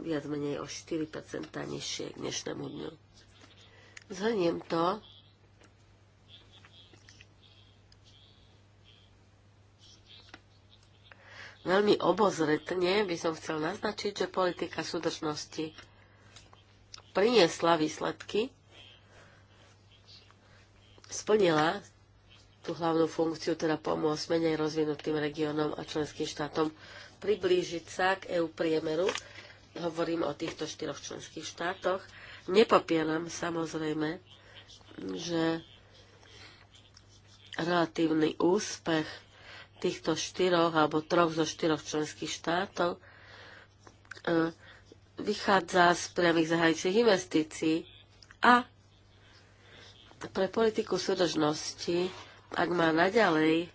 viac menej o 4 nižšie k dnešnému dňu. Zhrniem to. Veľmi obozretne by som chcel naznačiť, že politika súdržnosti priniesla výsledky, splnila tú hlavnú funkciu, teda pomôcť menej rozvinutým regiónom a členským štátom priblížiť sa k EU priemeru hovorím o týchto štyroch členských štátoch. Nepopieram samozrejme, že relatívny úspech týchto štyroch alebo troch zo štyroch členských štátov e, vychádza z priamých zahraničných investícií a pre politiku súdržnosti, ak má naďalej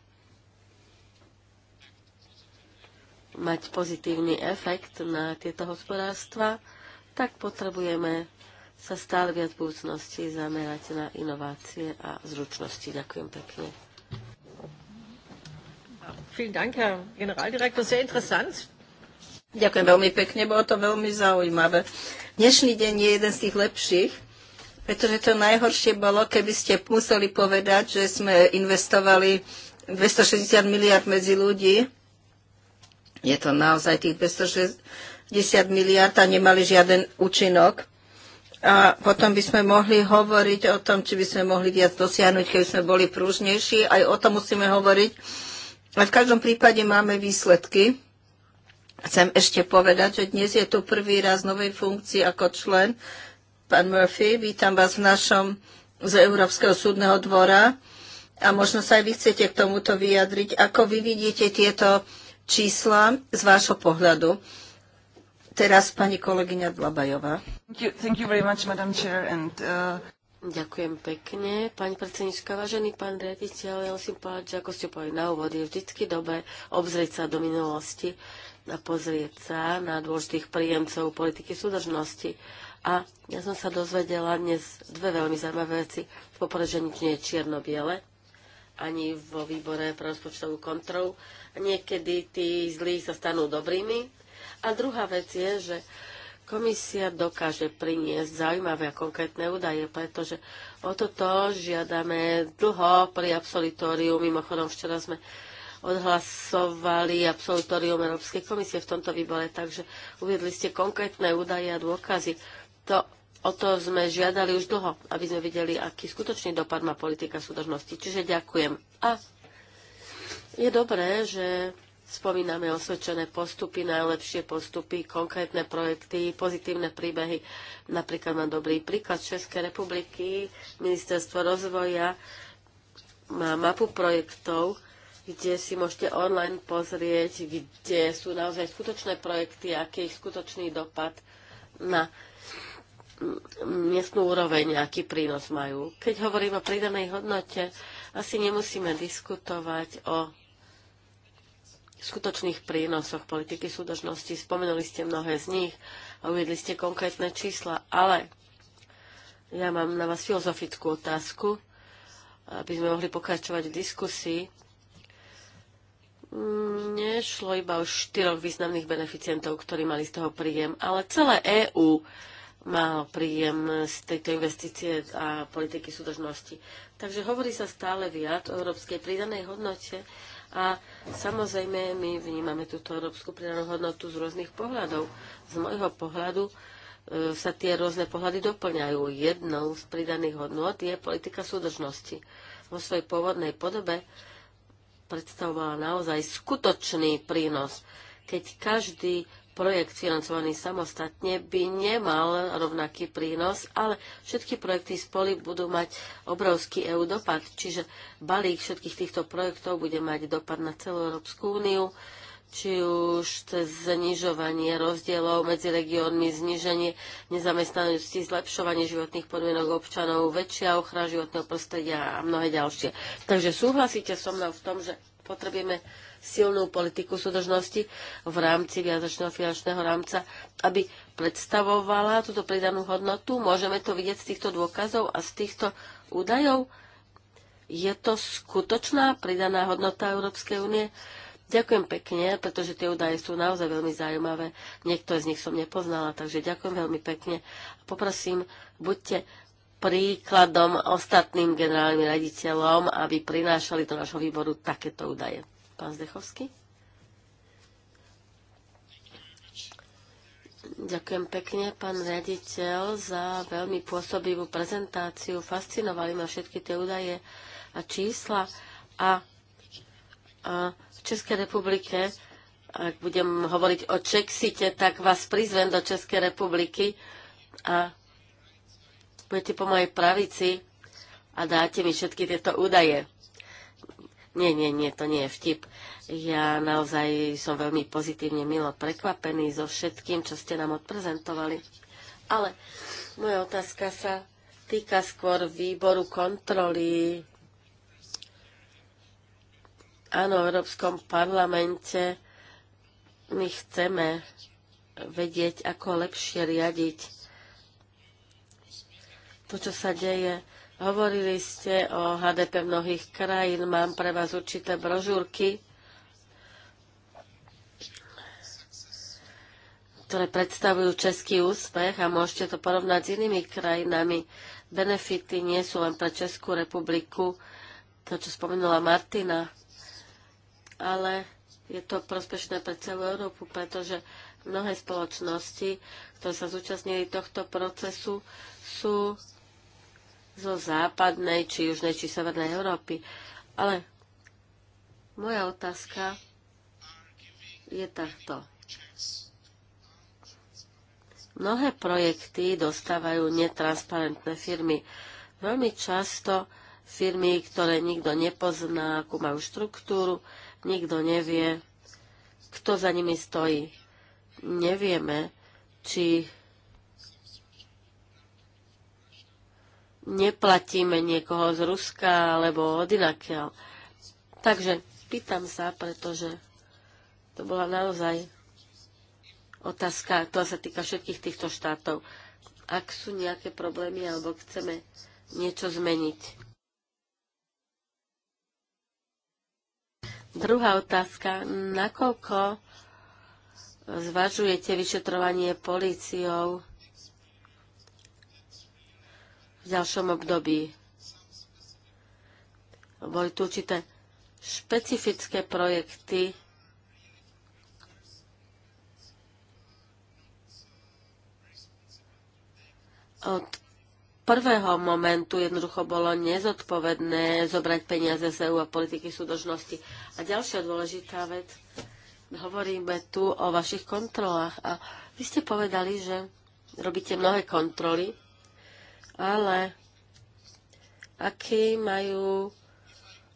mať pozitívny efekt na tieto hospodárstva, tak potrebujeme sa stále viac v budúcnosti zamerať na inovácie a zručnosti. Ďakujem pekne. Ďakujem veľmi pekne, bolo to veľmi zaujímavé. Dnešný deň je jeden z tých lepších, pretože to najhoršie bolo, keby ste museli povedať, že sme investovali 260 miliard medzi ľudí je to naozaj tých 260 miliard a nemali žiaden účinok. A potom by sme mohli hovoriť o tom, či by sme mohli viac dosiahnuť, keby sme boli prúžnejší. Aj o tom musíme hovoriť. A v každom prípade máme výsledky. Chcem ešte povedať, že dnes je tu prvý raz novej funkcii ako člen. Pán Murphy, vítam vás v našom z Európskeho súdneho dvora. A možno sa aj vy chcete k tomuto vyjadriť. Ako vy vidíte tieto čísla z vášho pohľadu. Teraz pani kolegyňa Dlabajová. Thank you, very much, Madam Chair, and, uh... Ďakujem pekne. Pani predsednička, vážený pán riaditeľ, ja musím povedať, že ako ste povedali na úvod, je vždy dobre obzrieť sa do minulosti a pozrieť sa na dôležitých príjemcov politiky súdržnosti. A ja som sa dozvedela dnes dve veľmi zaujímavé veci. Poprvé, že nič nie je čierno-biele, ani vo výbore pre rozpočtovú kontrolu Niekedy tí zlí sa stanú dobrými. A druhá vec je, že komisia dokáže priniesť zaujímavé a konkrétne údaje, pretože o toto žiadame dlho pri absolitóriu. Mimochodom, včera sme odhlasovali absolutórium Európskej komisie v tomto výbore, takže uviedli ste konkrétne údaje a dôkazy. To, o to sme žiadali už dlho, aby sme videli, aký skutočný dopad má politika súdržnosti. Čiže ďakujem. A je dobré, že spomíname osvedčené postupy, najlepšie postupy, konkrétne projekty, pozitívne príbehy. Napríklad mám dobrý príklad Českej republiky, Ministerstvo rozvoja má mapu projektov, kde si môžete online pozrieť, kde sú naozaj skutočné projekty, aký je ich skutočný dopad na miestnú úroveň, aký prínos majú. Keď hovorím o pridanej hodnote, asi nemusíme diskutovať o skutočných prínosoch politiky súdržnosti. Spomenuli ste mnohé z nich a uviedli ste konkrétne čísla, ale ja mám na vás filozofickú otázku, aby sme mohli pokračovať v diskusii. Nešlo iba o štyroch významných beneficientov, ktorí mali z toho príjem, ale celé EÚ mal príjem z tejto investície a politiky súdržnosti. Takže hovorí sa stále viac o európskej pridanej hodnote, a samozrejme, my vnímame túto európsku pridanú hodnotu z rôznych pohľadov. Z môjho pohľadu e, sa tie rôzne pohľady doplňajú. Jednou z pridaných hodnot je politika súdržnosti. Vo svojej pôvodnej podobe predstavovala naozaj skutočný prínos, keď každý projekt financovaný samostatne by nemal rovnaký prínos, ale všetky projekty spoli budú mať obrovský EU dopad, čiže balík všetkých týchto projektov bude mať dopad na celú Európsku úniu, či už cez znižovanie rozdielov medzi regiónmi, zniženie nezamestnanosti, zlepšovanie životných podmienok občanov, väčšia ochrana životného prostredia a mnohé ďalšie. Takže súhlasíte so mnou v tom, že potrebujeme silnú politiku súdržnosti v rámci viazočného finančného rámca, aby predstavovala túto pridanú hodnotu. Môžeme to vidieť z týchto dôkazov a z týchto údajov. Je to skutočná pridaná hodnota Európskej únie? Ďakujem pekne, pretože tie údaje sú naozaj veľmi zaujímavé. Niektoré z nich som nepoznala, takže ďakujem veľmi pekne. Poprosím, buďte príkladom ostatným generálnym raditeľom, aby prinášali do nášho výboru takéto údaje. Pán Zdechovský. Ďakujem pekne, pán riaditeľ, za veľmi pôsobivú prezentáciu. Fascinovali ma všetky tie údaje a čísla. A, a v Českej republike, ak budem hovoriť o Čexite, tak vás prizvem do Českej republiky a budete po mojej pravici a dáte mi všetky tieto údaje. Nie, nie, nie, to nie je vtip. Ja naozaj som veľmi pozitívne milo prekvapený so všetkým, čo ste nám odprezentovali. Ale moja otázka sa týka skôr výboru kontroly. Áno, v Európskom parlamente my chceme vedieť, ako lepšie riadiť to, čo sa deje Hovorili ste o HDP mnohých krajín. Mám pre vás určité brožúrky, ktoré predstavujú český úspech a môžete to porovnať s inými krajinami. Benefity nie sú len pre Českú republiku, to, čo spomenula Martina, ale je to prospešné pre celú Európu, pretože mnohé spoločnosti, ktoré sa zúčastnili tohto procesu, sú zo západnej, či južnej, či severnej Európy. Ale moja otázka je takto. Mnohé projekty dostávajú netransparentné firmy. Veľmi často firmy, ktoré nikto nepozná, akú majú štruktúru, nikto nevie, kto za nimi stojí. Nevieme, či neplatíme niekoho z Ruska alebo od inakiaľ. Takže pýtam sa, pretože to bola naozaj otázka, ktorá sa týka všetkých týchto štátov. Ak sú nejaké problémy alebo chceme niečo zmeniť. Druhá otázka. Nakoľko zvažujete vyšetrovanie políciou v ďalšom období. Boli tu určité špecifické projekty, od prvého momentu jednoducho bolo nezodpovedné zobrať peniaze z EU a politiky súdržnosti. A ďalšia dôležitá vec, hovoríme tu o vašich kontrolách. A vy ste povedali, že robíte mnohé kontroly ale aký majú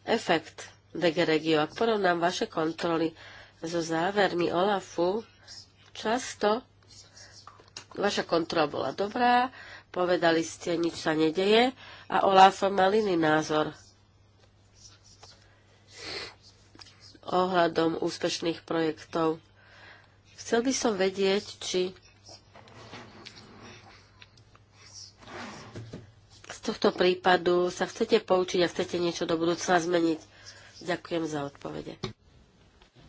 efekt DG Regio. Ak porovnám vaše kontroly so závermi OLAFu, často vaša kontrola bola dobrá, povedali ste, nič sa nedeje a OLAF mal iný názor ohľadom úspešných projektov. Chcel by som vedieť, či tohto prípadu sa chcete poučiť a chcete niečo do budúcna zmeniť? Ďakujem za odpovede.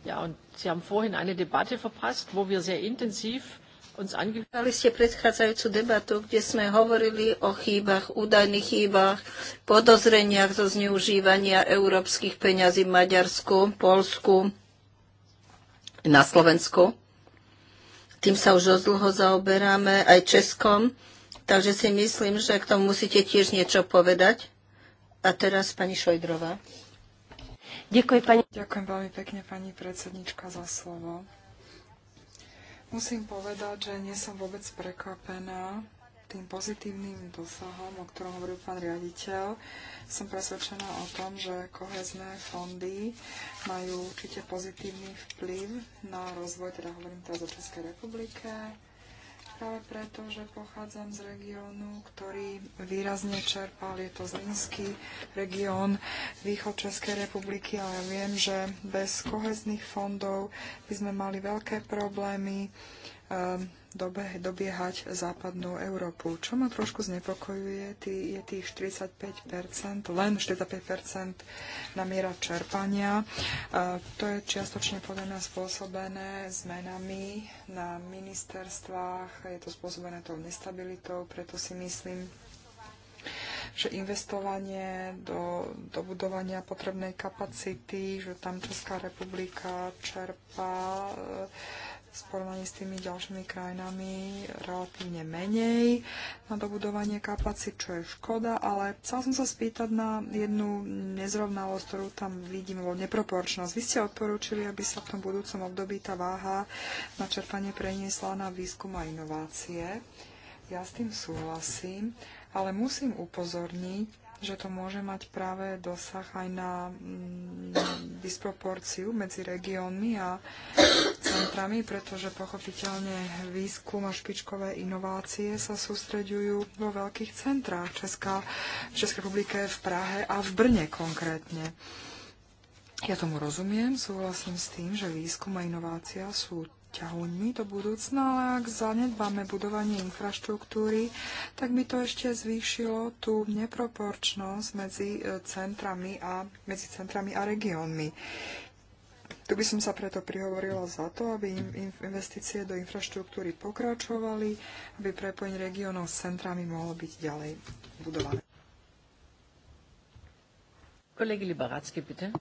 Ja, und Sie haben vorhin eine Debatte verpasst, wo wir sehr intensiv uns angehörali ste predchádzajúcu debatu, kde sme hovorili o chýbach, údajných chýbach, podozreniach zo zneužívania európskych peňazí v Maďarsku, Polsku, na Slovensku. Tým sa už dlho zaoberáme aj Českom. Takže si myslím, že k tomu musíte tiež niečo povedať. A teraz pani Šojdrová. Ďakujem, pani... Ďakujem veľmi pekne, pani predsednička, za slovo. Musím povedať, že nie som vôbec prekvapená tým pozitívnym dosahom, o ktorom hovoril pán riaditeľ. Som presvedčená o tom, že kohezné fondy majú určite pozitívny vplyv na rozvoj, teda hovorím teraz o Českej republike, práve preto, že pochádzam z regiónu, ktorý výrazne čerpal. Je to Zlínsky región východ Českej republiky ale ja viem, že bez kohezných fondov by sme mali veľké problémy. Ehm, dobe, dobiehať západnú Európu. Čo ma trošku znepokojuje, tý, je tých 45%, len 45% na miera čerpania. Ehm, to je čiastočne podľa mňa spôsobené zmenami na ministerstvách, je to spôsobené tou nestabilitou, preto si myslím, že investovanie do, do budovania potrebnej kapacity, že tam Česká republika čerpá e, porovnaní s tými ďalšími krajinami relatívne menej na dobudovanie kapacít, čo je škoda, ale chcel som sa spýtať na jednu nezrovnalosť, ktorú tam vidím, lebo neproporčnosť. Vy ste odporúčili, aby sa v tom budúcom období tá váha na čerpanie preniesla na výskum a inovácie. Ja s tým súhlasím, ale musím upozorniť, že to môže mať práve dosah aj na mm, disproporciu medzi regiónmi a centrami, pretože pochopiteľne výskum a špičkové inovácie sa sústreďujú vo veľkých centrách Česká, v Českej republike, v Prahe a v Brne konkrétne. Ja tomu rozumiem, súhlasím s tým, že výskum a inovácia sú ťahuňmi do budúcna, ale ak zanedbáme budovanie infraštruktúry, tak by to ešte zvýšilo tú neproporčnosť medzi e, centrami a, medzi centrami a regiónmi. Tu by som sa preto prihovorila za to, aby investície do infraštruktúry pokračovali, aby prepojenie regiónov s centrami mohlo byť ďalej budované. Kolegy Liberácky, bitte.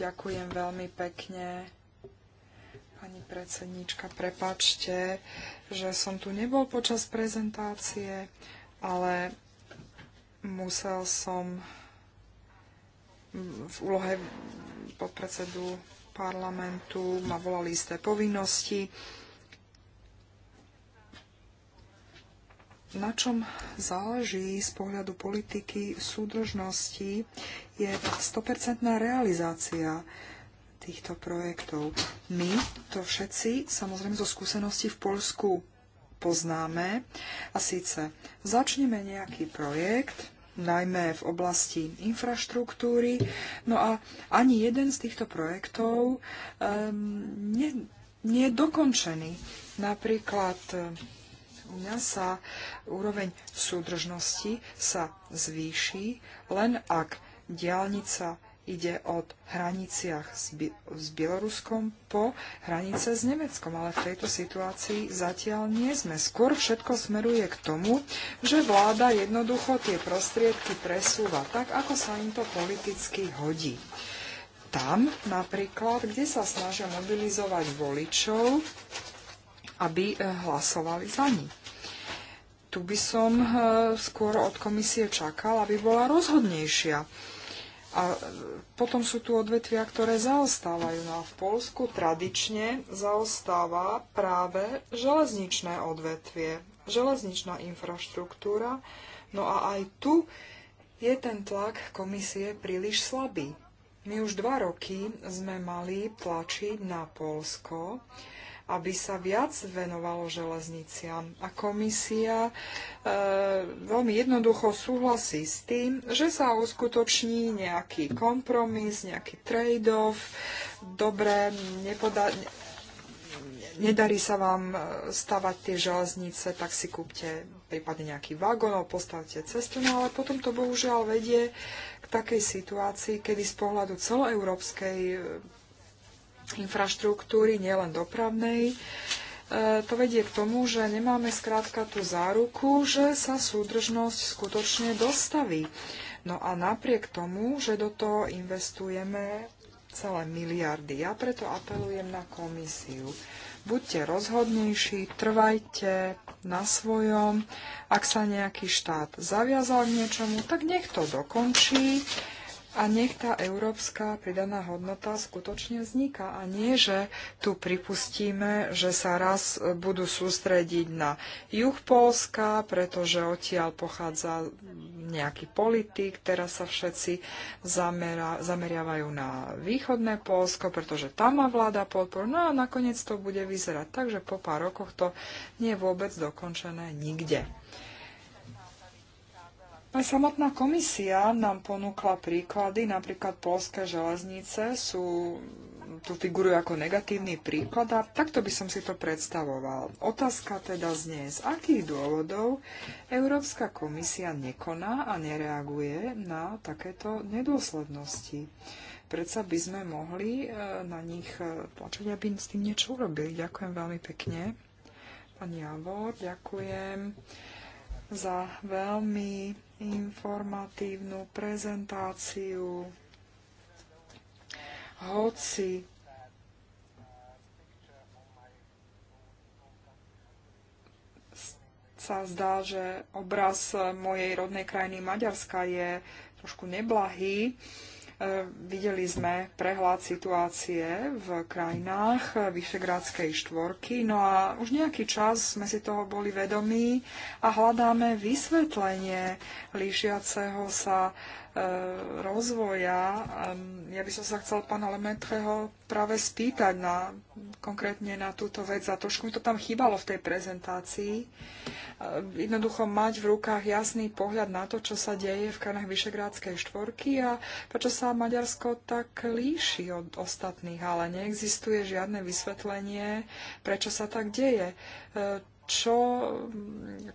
Ďakujem veľmi pekne. Pani predsedníčka, prepačte, že som tu nebol počas prezentácie, ale musel som v úlohe podpredsedu parlamentu, ma volali isté povinnosti na čom záleží z pohľadu politiky súdržnosti, je 100% realizácia týchto projektov. My to všetci, samozrejme zo skúseností v Polsku, poznáme. A síce začneme nejaký projekt, najmä v oblasti infraštruktúry, no a ani jeden z týchto projektov um, ehm, nie, nie je dokončený. Napríklad u mňa sa úroveň súdržnosti sa zvýši, len ak diálnica ide od hraniciach s, Bi- s Bieloruskom po hranice s Nemeckom, ale v tejto situácii zatiaľ nie sme. Skôr všetko smeruje k tomu, že vláda jednoducho tie prostriedky presúva tak, ako sa im to politicky hodí. Tam napríklad, kde sa snažia mobilizovať voličov, aby eh, hlasovali za nich tu by som e, skôr od komisie čakal, aby bola rozhodnejšia. A e, potom sú tu odvetvia, ktoré zaostávajú. No a v Polsku tradične zaostáva práve železničné odvetvie, železničná infraštruktúra. No a aj tu je ten tlak komisie príliš slabý. My už dva roky sme mali tlačiť na Polsko, aby sa viac venovalo železniciam. A komisia e, veľmi jednoducho súhlasí s tým, že sa uskutoční nejaký kompromis, nejaký trade-off. Dobre, nepoda- nedarí sa vám e, stavať tie železnice, tak si kúpte prípadne nejaký vagón, postavte cestu, no ale potom to bohužiaľ vedie k takej situácii, kedy z pohľadu celoeurópskej infraštruktúry, nielen dopravnej, e, to vedie k tomu, že nemáme skrátka tú záruku, že sa súdržnosť skutočne dostaví. No a napriek tomu, že do toho investujeme celé miliardy. Ja preto apelujem na komisiu. Buďte rozhodnejší, trvajte na svojom. Ak sa nejaký štát zaviazal k niečomu, tak nech to dokončí a nech tá európska pridaná hodnota skutočne vzniká a nie, že tu pripustíme, že sa raz budú sústrediť na juh Polska, pretože odtiaľ pochádza nejaký politik, teraz sa všetci zamera, zameriavajú na východné Polsko, pretože tam má vláda podporu. No a nakoniec to bude vyzerať tak, že po pár rokoch to nie je vôbec dokončené nikde. Samotná komisia nám ponúkla príklady, napríklad polské železnice sú, tu figurujú ako negatívny príklad a takto by som si to predstavoval. Otázka teda znie, z akých dôvodov Európska komisia nekoná a nereaguje na takéto nedôslednosti. Predsa by sme mohli e, na nich e, tlačiť, aby s tým niečo urobili. Ďakujem veľmi pekne. Pani Javor, ďakujem za veľmi informatívnu prezentáciu, hoci sa zdá, že obraz mojej rodnej krajiny Maďarska je trošku neblahý, E, videli sme prehľad situácie v krajinách Vyšegrádskej štvorky, no a už nejaký čas sme si toho boli vedomí a hľadáme vysvetlenie líšiaceho sa E, rozvoja. Ja by som sa chcel pána Lementreho práve spýtať na, konkrétne na túto vec a trošku mi to tam chýbalo v tej prezentácii. E, jednoducho mať v rukách jasný pohľad na to, čo sa deje v krajinách Vyšegrádskej štvorky a prečo sa Maďarsko tak líši od ostatných, ale neexistuje žiadne vysvetlenie, prečo sa tak deje. E, čo,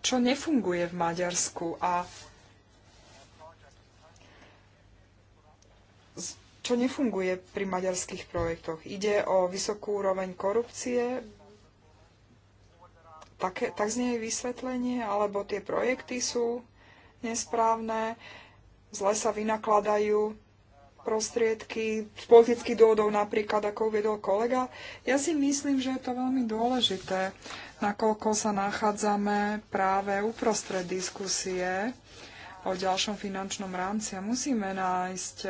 čo nefunguje v Maďarsku a čo nefunguje pri maďarských projektoch. Ide o vysokú úroveň korupcie, tak, tak znie je vysvetlenie, alebo tie projekty sú nesprávne, zle sa vynakladajú prostriedky, z politických dôvodov napríklad, ako uvedol kolega. Ja si myslím, že je to veľmi dôležité, nakoľko sa nachádzame práve uprostred diskusie o ďalšom finančnom rámci a musíme nájsť e,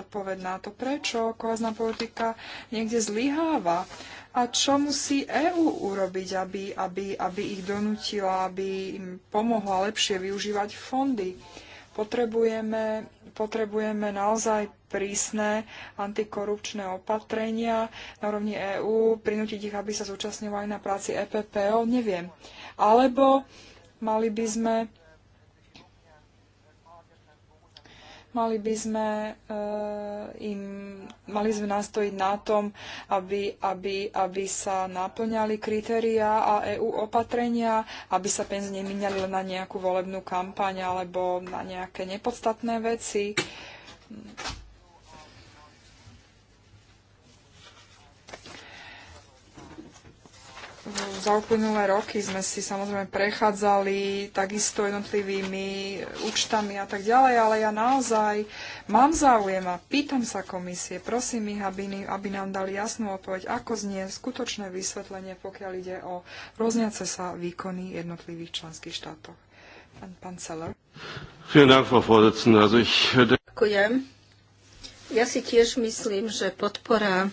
odpoveď na to, prečo kohezná politika niekde zlyháva a čo musí EÚ urobiť, aby, aby, aby ich donútila, aby im pomohla lepšie využívať fondy. Potrebujeme, potrebujeme naozaj prísne antikorupčné opatrenia na úrovni EÚ, prinútiť ich, aby sa zúčastňovali na práci EPPO, neviem. Alebo mali by sme Mali by sme eh, im, mali sme nastojiť na tom, aby, aby, aby sa naplňali kritériá a EU opatrenia, aby sa peniaze nemínali len na nejakú volebnú kampaň alebo na nejaké nepodstatné veci za uplynulé roky sme si samozrejme prechádzali takisto jednotlivými účtami a tak ďalej, ale ja naozaj mám záujem a pýtam sa komisie, prosím ich, aby, aby nám dali jasnú odpoveď, ako znie skutočné vysvetlenie, pokiaľ ide o rozniace sa výkony jednotlivých členských štátov. Pán, pán Seller. Ďakujem. Ja si tiež myslím, že podpora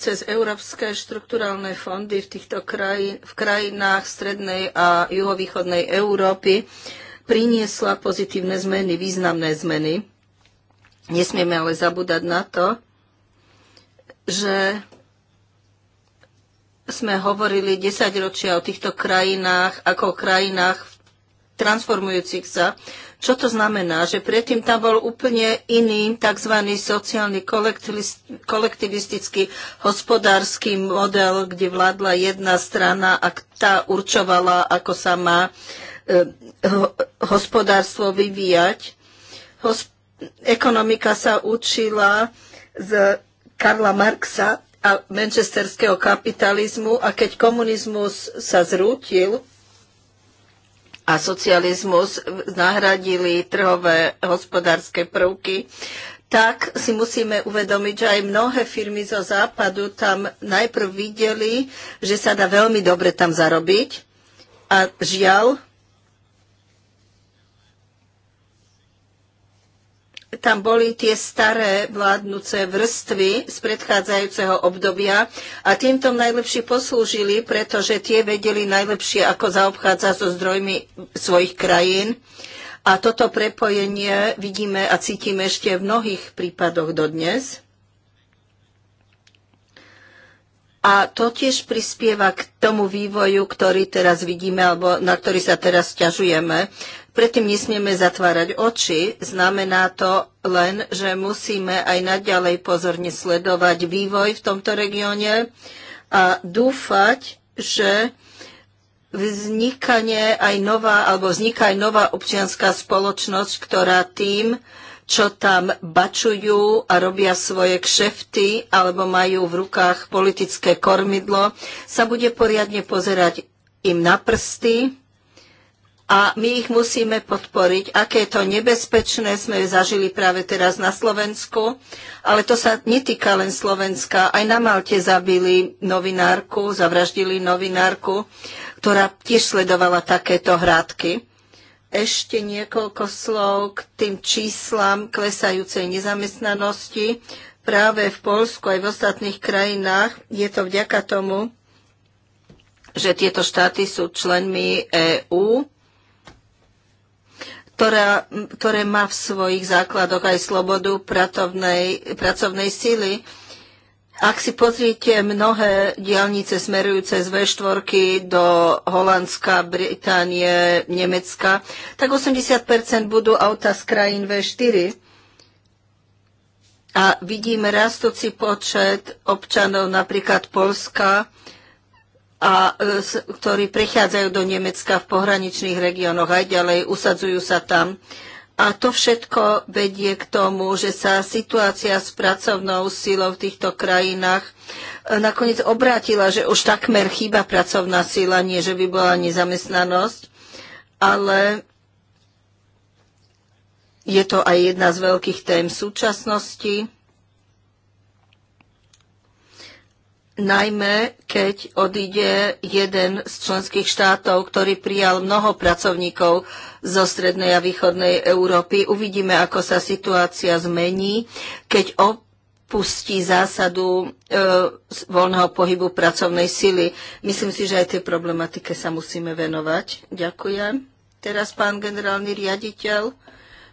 cez európske štrukturálne fondy v týchto krajin, v krajinách strednej a juhovýchodnej Európy priniesla pozitívne zmeny, významné zmeny. Nesmieme ale zabúdať na to, že sme hovorili 10 ročia o týchto krajinách ako o krajinách, transformujúcich sa. Čo to znamená? Že predtým tam bol úplne iný tzv. sociálny kolektivistický hospodársky model, kde vládla jedna strana a tá určovala, ako sa má e, hospodárstvo vyvíjať. Hosp- ekonomika sa učila z Karla Marxa a manchesterského kapitalizmu a keď komunizmus sa zrútil, a socializmus nahradili trhové hospodárske prvky, tak si musíme uvedomiť, že aj mnohé firmy zo západu tam najprv videli, že sa dá veľmi dobre tam zarobiť a žiaľ, tam boli tie staré vládnuce vrstvy z predchádzajúceho obdobia a týmto najlepšie poslúžili, pretože tie vedeli najlepšie, ako zaobchádza so zdrojmi svojich krajín. A toto prepojenie vidíme a cítime ešte v mnohých prípadoch dodnes. A to tiež prispieva k tomu vývoju, ktorý teraz vidíme, alebo na ktorý sa teraz ťažujeme. Predtým nesmieme zatvárať oči, znamená to len, že musíme aj naďalej pozorne sledovať vývoj v tomto regióne a dúfať, že vznikanie aj nová, alebo vzniká aj nová občianská spoločnosť, ktorá tým, čo tam bačujú a robia svoje kšefty alebo majú v rukách politické kormidlo, sa bude poriadne pozerať im na prsty a my ich musíme podporiť. Aké to nebezpečné sme zažili práve teraz na Slovensku, ale to sa netýka len Slovenska. Aj na Malte zabili novinárku, zavraždili novinárku, ktorá tiež sledovala takéto hrádky. Ešte niekoľko slov k tým číslam klesajúcej nezamestnanosti. Práve v Polsku aj v ostatných krajinách je to vďaka tomu, že tieto štáty sú členmi EÚ ktorá, ktoré má v svojich základoch aj slobodu pracovnej, pracovnej síly. Ak si pozriete mnohé diálnice smerujúce z V4 do Holandska, Británie, Nemecka, tak 80% budú auta z krajín V4. A vidíme rastúci počet občanov napríklad Polska, a e, ktorí prechádzajú do Nemecka v pohraničných regiónoch aj ďalej, usadzujú sa tam. A to všetko vedie k tomu, že sa situácia s pracovnou silou v týchto krajinách e, nakoniec obrátila, že už takmer chýba pracovná sila, nie že by bola nezamestnanosť, ale je to aj jedna z veľkých tém súčasnosti. najmä keď odíde jeden z členských štátov, ktorý prijal mnoho pracovníkov zo strednej a východnej Európy. Uvidíme, ako sa situácia zmení, keď opustí zásadu e, voľného pohybu pracovnej sily. Myslím si, že aj tej problematike sa musíme venovať. Ďakujem. Teraz pán generálny riaditeľ.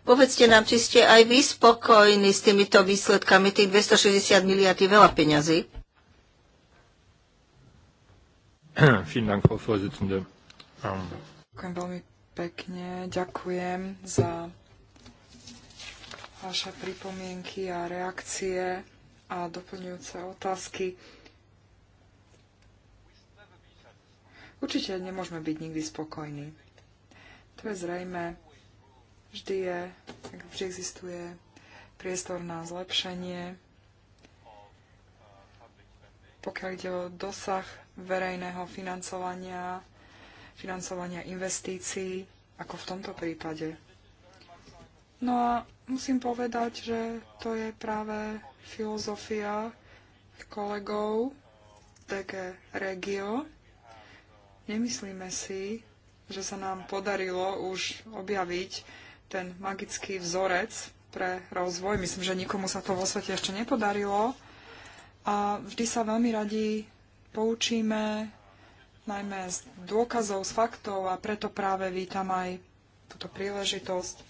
Povedzte nám, či ste aj vy spokojní s týmito výsledkami. Tých 260 miliard je veľa peňazí. Ähm, Ďakujem veľmi pekne. Ďakujem za vaše pripomienky a reakcie a doplňujúce otázky. Určite nemôžeme byť nikdy spokojní. To je zrejme. Vždy je, vždy existuje priestor na zlepšenie. Pokiaľ ide o dosah verejného financovania, financovania investícií, ako v tomto prípade. No a musím povedať, že to je práve filozofia kolegov DG Regio. Nemyslíme si, že sa nám podarilo už objaviť ten magický vzorec pre rozvoj. Myslím, že nikomu sa to vo svete ešte nepodarilo. A vždy sa veľmi radi poučíme, najmä z dôkazov, z faktov a preto práve vítam aj túto príležitosť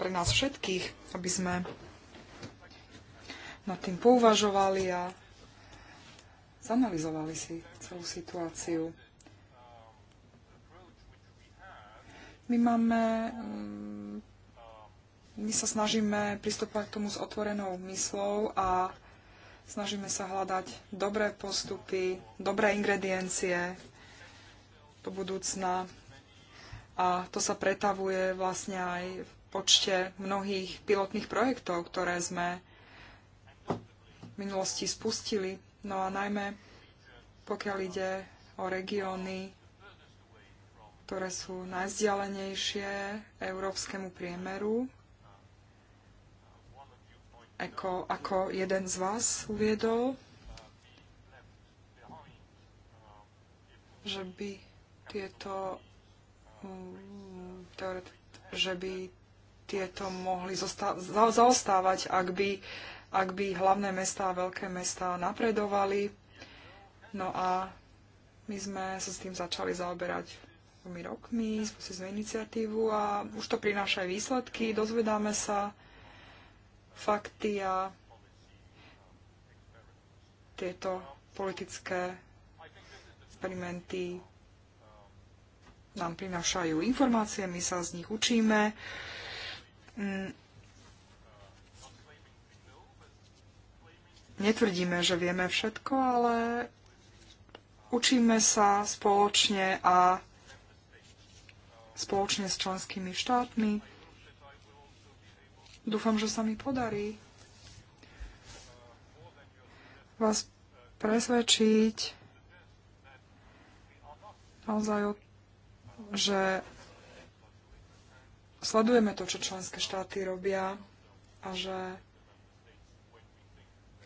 pre nás všetkých, aby sme nad tým pouvažovali a zanalizovali si celú situáciu. My máme, mm, my sa snažíme pristúpať k tomu s otvorenou myslou a Snažíme sa hľadať dobré postupy, dobré ingrediencie do budúcna. A to sa pretavuje vlastne aj v počte mnohých pilotných projektov, ktoré sme v minulosti spustili. No a najmä pokiaľ ide o regióny, ktoré sú najzdialenejšie európskemu priemeru, ako, ako jeden z vás uviedol, že by tieto mm, že by tieto mohli zaostávať, ak by, ak by hlavné mestá a veľké mesta napredovali. No a my sme sa s tým začali zaoberať dvomi rokmi, spustili sme iniciatívu a už to prináša aj výsledky, dozvedáme sa, fakty a tieto politické experimenty nám prinášajú informácie, my sa z nich učíme. Mm. Netvrdíme, že vieme všetko, ale učíme sa spoločne a spoločne s členskými štátmi. Dúfam, že sa mi podarí vás presvedčiť naozaj, že sledujeme to, čo členské štáty robia a že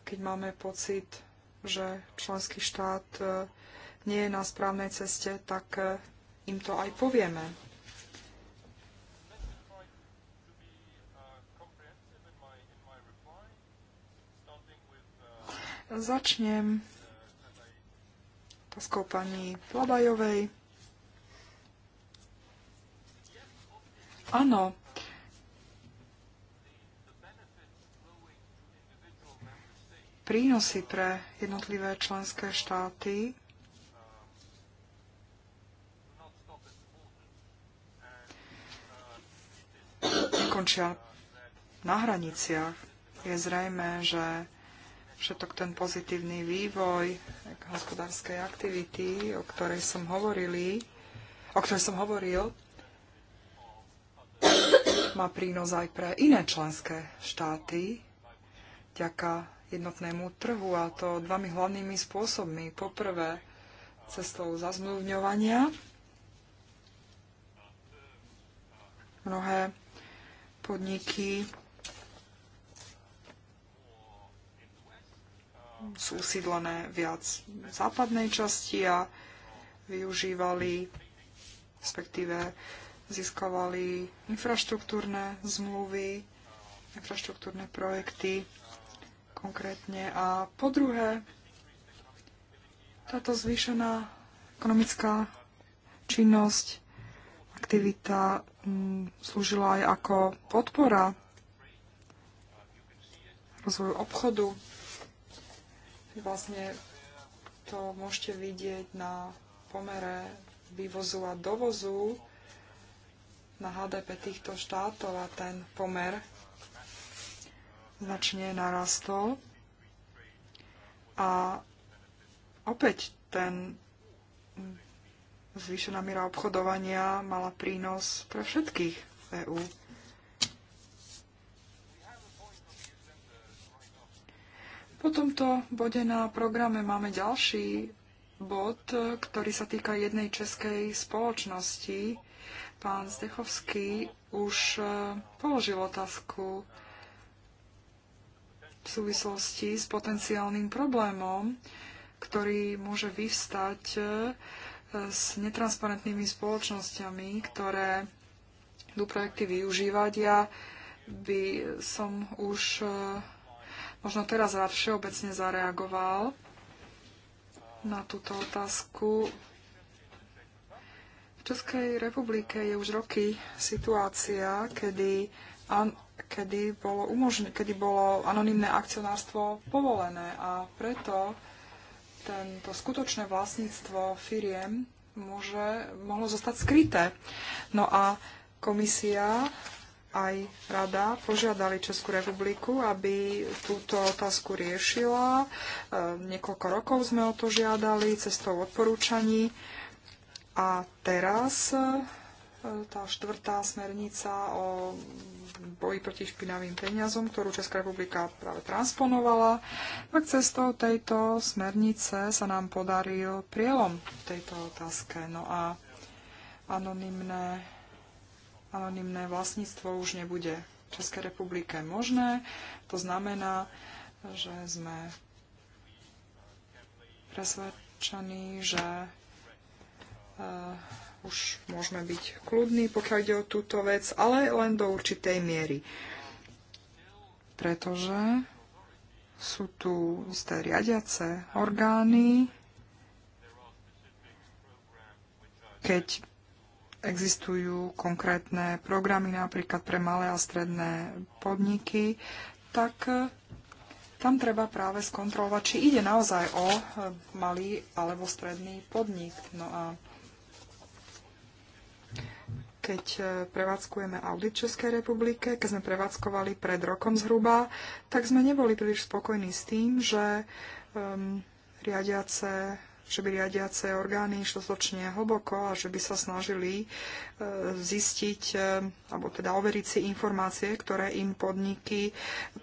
keď máme pocit, že členský štát eh, nie je na správnej ceste, tak eh, im to aj povieme. Začnem otázkou pani Labajovej. Áno, prínosy pre jednotlivé členské štáty končia na hraniciach. Je zrejme, že všetok ten pozitívny vývoj hospodárskej aktivity, o ktorej som hovorili, o ktorej som hovoril, má prínos aj pre iné členské štáty ďaká jednotnému trhu a to dvami hlavnými spôsobmi. Poprvé, cestou zazmluvňovania. Mnohé podniky sú usídlené viac v západnej časti a využívali, respektíve získavali infraštruktúrne zmluvy, infraštruktúrne projekty konkrétne. A po druhé, táto zvýšená ekonomická činnosť, aktivita mm, slúžila aj ako podpora rozvoju obchodu Vlastne to môžete vidieť na pomere vývozu a dovozu na HDP týchto štátov a ten pomer značne narastol. A opäť ten zvýšená miera obchodovania mala prínos pre všetkých v EÚ. Po tomto bode na programe máme ďalší bod, ktorý sa týka jednej českej spoločnosti. Pán Zdechovský už e, položil otázku v súvislosti s potenciálnym problémom, ktorý môže vyvstať e, s netransparentnými spoločnosťami, ktoré budú projekty využívať. Ja by som už e, možno teraz rád všeobecne zareagoval na túto otázku. V Českej republike je už roky situácia, kedy, an, kedy, bolo, umožne, kedy bolo anonimné akcionárstvo povolené a preto tento skutočné vlastníctvo firiem môže, mohlo zostať skryté. No a komisia aj rada požiadali Českú republiku, aby túto otázku riešila. E, niekoľko rokov sme o to žiadali cestou odporúčaní. A teraz e, tá štvrtá smernica o boji proti špinavým peniazom, ktorú Česká republika práve transponovala, tak cestou tejto smernice sa nám podaril prielom tejto otázke. No a anonimné anonimné vlastníctvo už nebude v Českej republike možné. To znamená, že sme presvedčení, že uh, už môžeme byť kľudní, pokiaľ ide o túto vec, ale len do určitej miery. Pretože sú tu isté riadiace orgány, keď existujú konkrétne programy napríklad pre malé a stredné podniky, tak e, tam treba práve skontrolovať, či ide naozaj o e, malý alebo stredný podnik. No a keď e, prevádzkujeme audit Českej republike, keď sme prevádzkovali pred rokom zhruba, tak sme neboli príliš spokojní s tým, že um, riadiace že by riadiace orgány dostatočne hlboko a že by sa snažili e, zistiť, e, alebo teda overiť si informácie, ktoré im podniky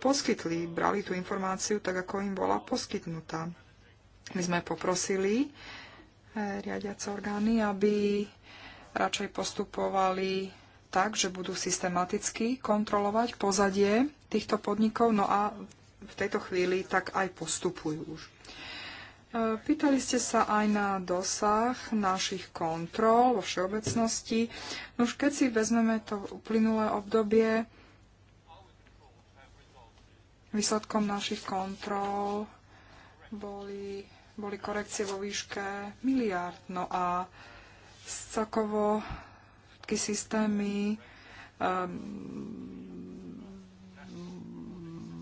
poskytli. Brali tú informáciu tak, ako im bola poskytnutá. My sme poprosili e, riadiace orgány, aby radšej postupovali tak, že budú systematicky kontrolovať pozadie týchto podnikov, no a v tejto chvíli tak aj postupujú už. E, pýtali ste sa aj na dosah našich kontrol vo všeobecnosti. No už keď si vezmeme to uplynulé obdobie, výsledkom našich kontrol boli, boli korekcie vo výške miliárd. No a celkovo všetky systémy um,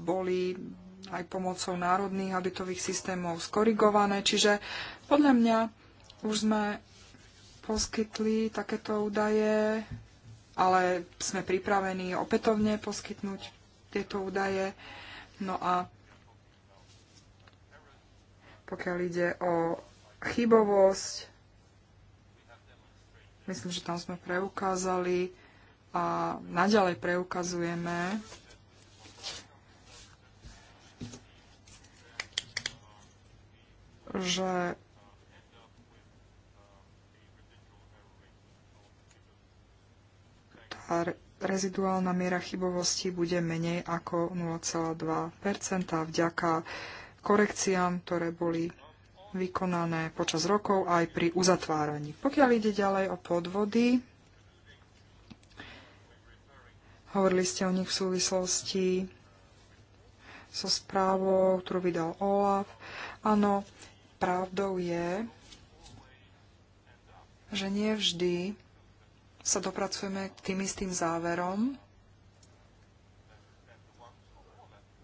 boli aj pomocou národných abitových systémov skorigované. Čiže podľa mňa už sme poskytli takéto údaje, ale sme pripravení opätovne poskytnúť tieto údaje. No a pokiaľ ide o chybovosť, myslím, že tam sme preukázali a naďalej preukazujeme že tá reziduálna miera chybovosti bude menej ako 0,2 vďaka korekciám, ktoré boli vykonané počas rokov aj pri uzatváraní. Pokiaľ ide ďalej o podvody, hovorili ste o nich v súvislosti so správou, ktorú vydal OLAF. Áno, Pravdou je, že nie vždy sa dopracujeme k tým istým záverom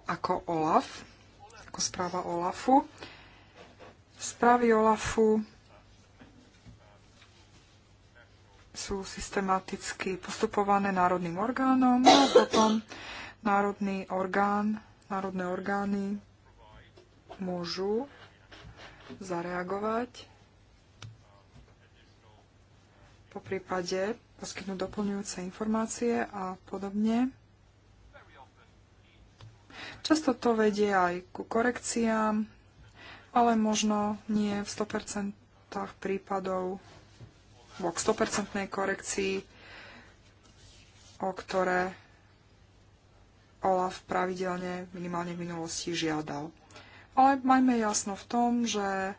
ako OLAF, ako správa OLAFu. Správy OLAFu sú systematicky postupované národným orgánom a potom národný orgán, národné orgány môžu zareagovať, po prípade poskytnúť doplňujúce informácie a podobne. Často to vedie aj ku korekciám, ale možno nie v 100% prípadov, alebo k 100% korekcii, o ktoré Olaf pravidelne minimálne v minulosti žiadal. Ale majme jasno v tom, že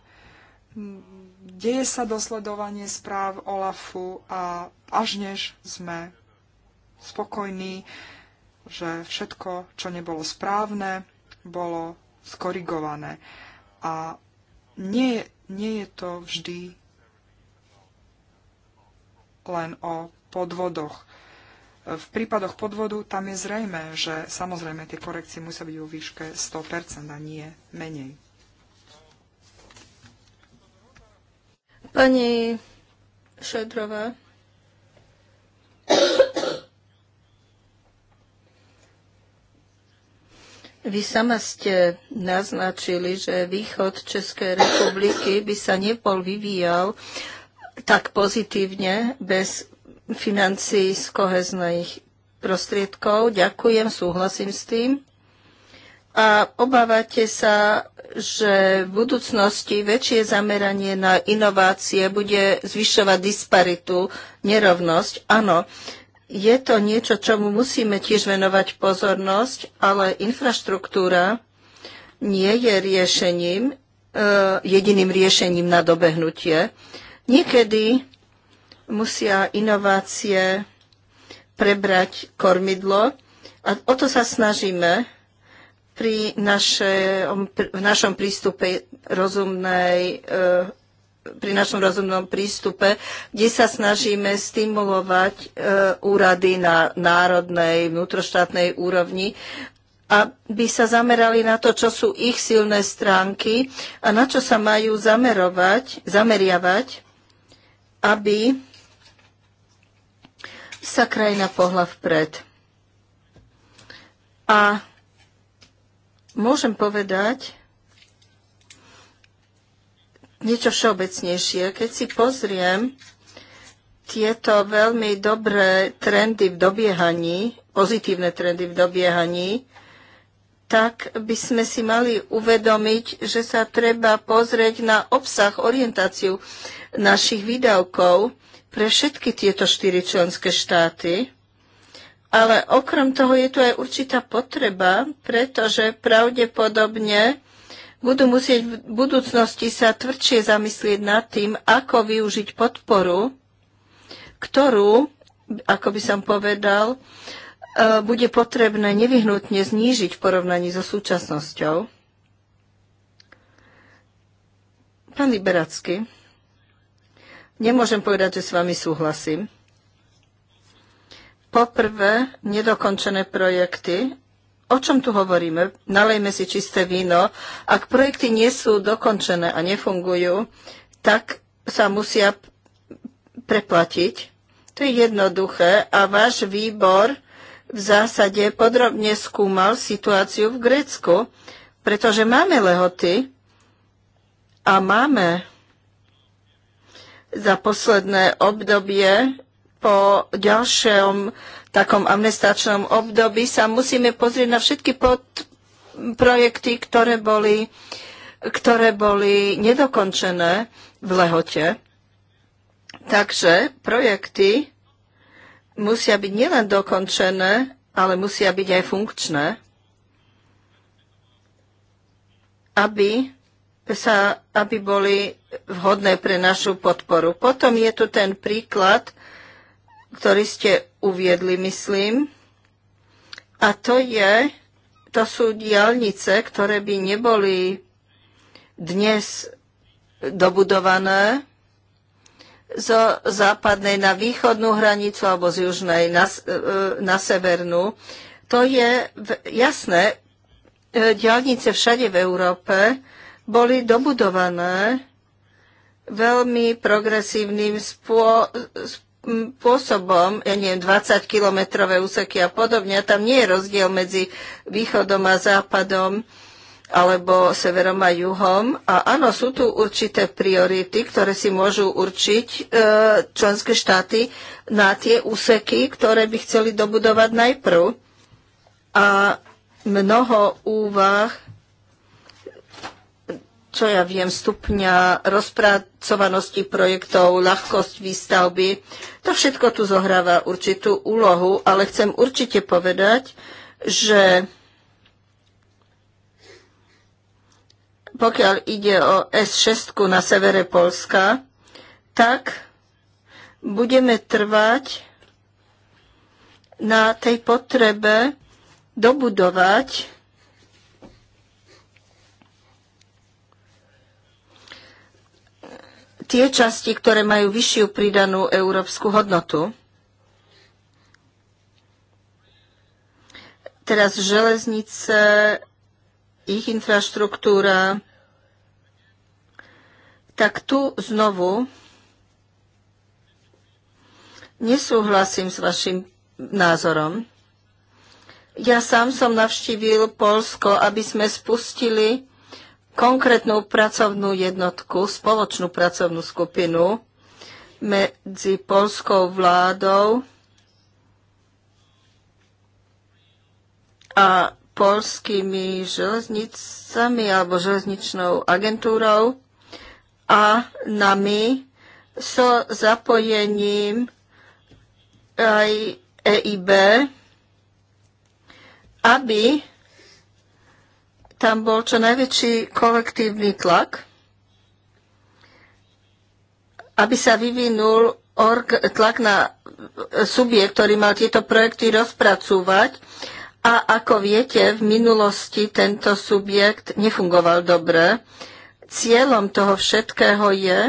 deje sa dosledovanie správ OLAFu a až než sme spokojní, že všetko, čo nebolo správne, bolo skorigované. A nie, nie je to vždy len o podvodoch. V prípadoch podvodu tam je zrejme, že samozrejme tie korekcie musia byť vo výške 100% a nie menej. Pani Šedrová. Vy sama ste naznačili, že východ Českej republiky by sa nebol vyvíjal tak pozitívne bez financií z kohezných prostriedkov. Ďakujem, súhlasím s tým. A obávate sa, že v budúcnosti väčšie zameranie na inovácie bude zvyšovať disparitu, nerovnosť. Áno, je to niečo, čomu musíme tiež venovať pozornosť, ale infraštruktúra nie je riešením, e, jediným riešením na dobehnutie. Niekedy musia inovácie prebrať kormidlo a o to sa snažíme pri naše, v našom prístupe rozumnej e, pri našom rozumnom prístupe, kde sa snažíme stimulovať e, úrady na národnej, vnútroštátnej úrovni, aby sa zamerali na to, čo sú ich silné stránky a na čo sa majú zamerovať, zameriavať, aby sa krajina pohla vpred. A môžem povedať niečo všeobecnejšie. Keď si pozriem tieto veľmi dobré trendy v dobiehaní, pozitívne trendy v dobiehaní, tak by sme si mali uvedomiť, že sa treba pozrieť na obsah, orientáciu našich výdavkov pre všetky tieto štyri členské štáty. Ale okrem toho je tu aj určitá potreba, pretože pravdepodobne budú musieť v budúcnosti sa tvrdšie zamyslieť nad tým, ako využiť podporu, ktorú, ako by som povedal, e, bude potrebné nevyhnutne znížiť v porovnaní so súčasnosťou. Pán Liberacký. Nemôžem povedať, že s vami súhlasím. Poprvé, nedokončené projekty. O čom tu hovoríme? Nalejme si čisté víno. Ak projekty nie sú dokončené a nefungujú, tak sa musia preplatiť. To je jednoduché a váš výbor v zásade podrobne skúmal situáciu v Grécku, pretože máme lehoty a máme za posledné obdobie po ďalšom takom amnestačnom období sa musíme pozrieť na všetky podprojekty, ktoré boli, ktoré boli nedokončené v lehote. Takže projekty musia byť nielen dokončené, ale musia byť aj funkčné, aby sa, aby boli vhodné pre našu podporu. Potom je tu ten príklad, ktorý ste uviedli, myslím, a to je, to sú diálnice, ktoré by neboli dnes dobudované zo západnej na východnú hranicu alebo z južnej na, e, na severnú. To je jasné. E, diálnice všade v Európe boli dobudované veľmi progresívnym spôsobom, ja neviem, 20-kilometrové úseky a podobne. A tam nie je rozdiel medzi východom a západom alebo severom a juhom. A áno, sú tu určité priority, ktoré si môžu určiť e, členské štáty na tie úseky, ktoré by chceli dobudovať najprv. A mnoho úvah čo ja viem, stupňa rozpracovanosti projektov, ľahkosť výstavby. To všetko tu zohráva určitú úlohu, ale chcem určite povedať, že pokiaľ ide o S6 na severe Polska, tak budeme trvať na tej potrebe dobudovať tie časti, ktoré majú vyššiu pridanú európsku hodnotu. Teraz železnice, ich infraštruktúra. Tak tu znovu nesúhlasím s vašim názorom. Ja sám som navštívil Polsko, aby sme spustili konkrétnu pracovnú jednotku, spoločnú pracovnú skupinu medzi polskou vládou a polskými železnicami alebo železničnou agentúrou a nami so zapojením aj EIB, aby tam bol čo najväčší kolektívny tlak, aby sa vyvinul org, tlak na subjekt, ktorý mal tieto projekty rozpracúvať. A ako viete, v minulosti tento subjekt nefungoval dobre. Cieľom toho všetkého je,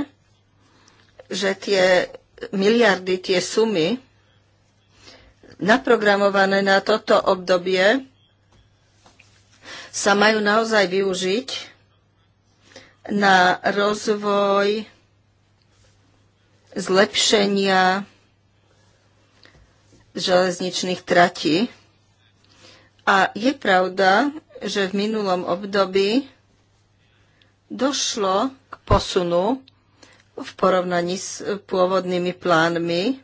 že tie miliardy, tie sumy naprogramované na toto obdobie sa majú naozaj využiť na rozvoj zlepšenia železničných tratí. A je pravda, že v minulom období došlo k posunu v porovnaní s pôvodnými plánmi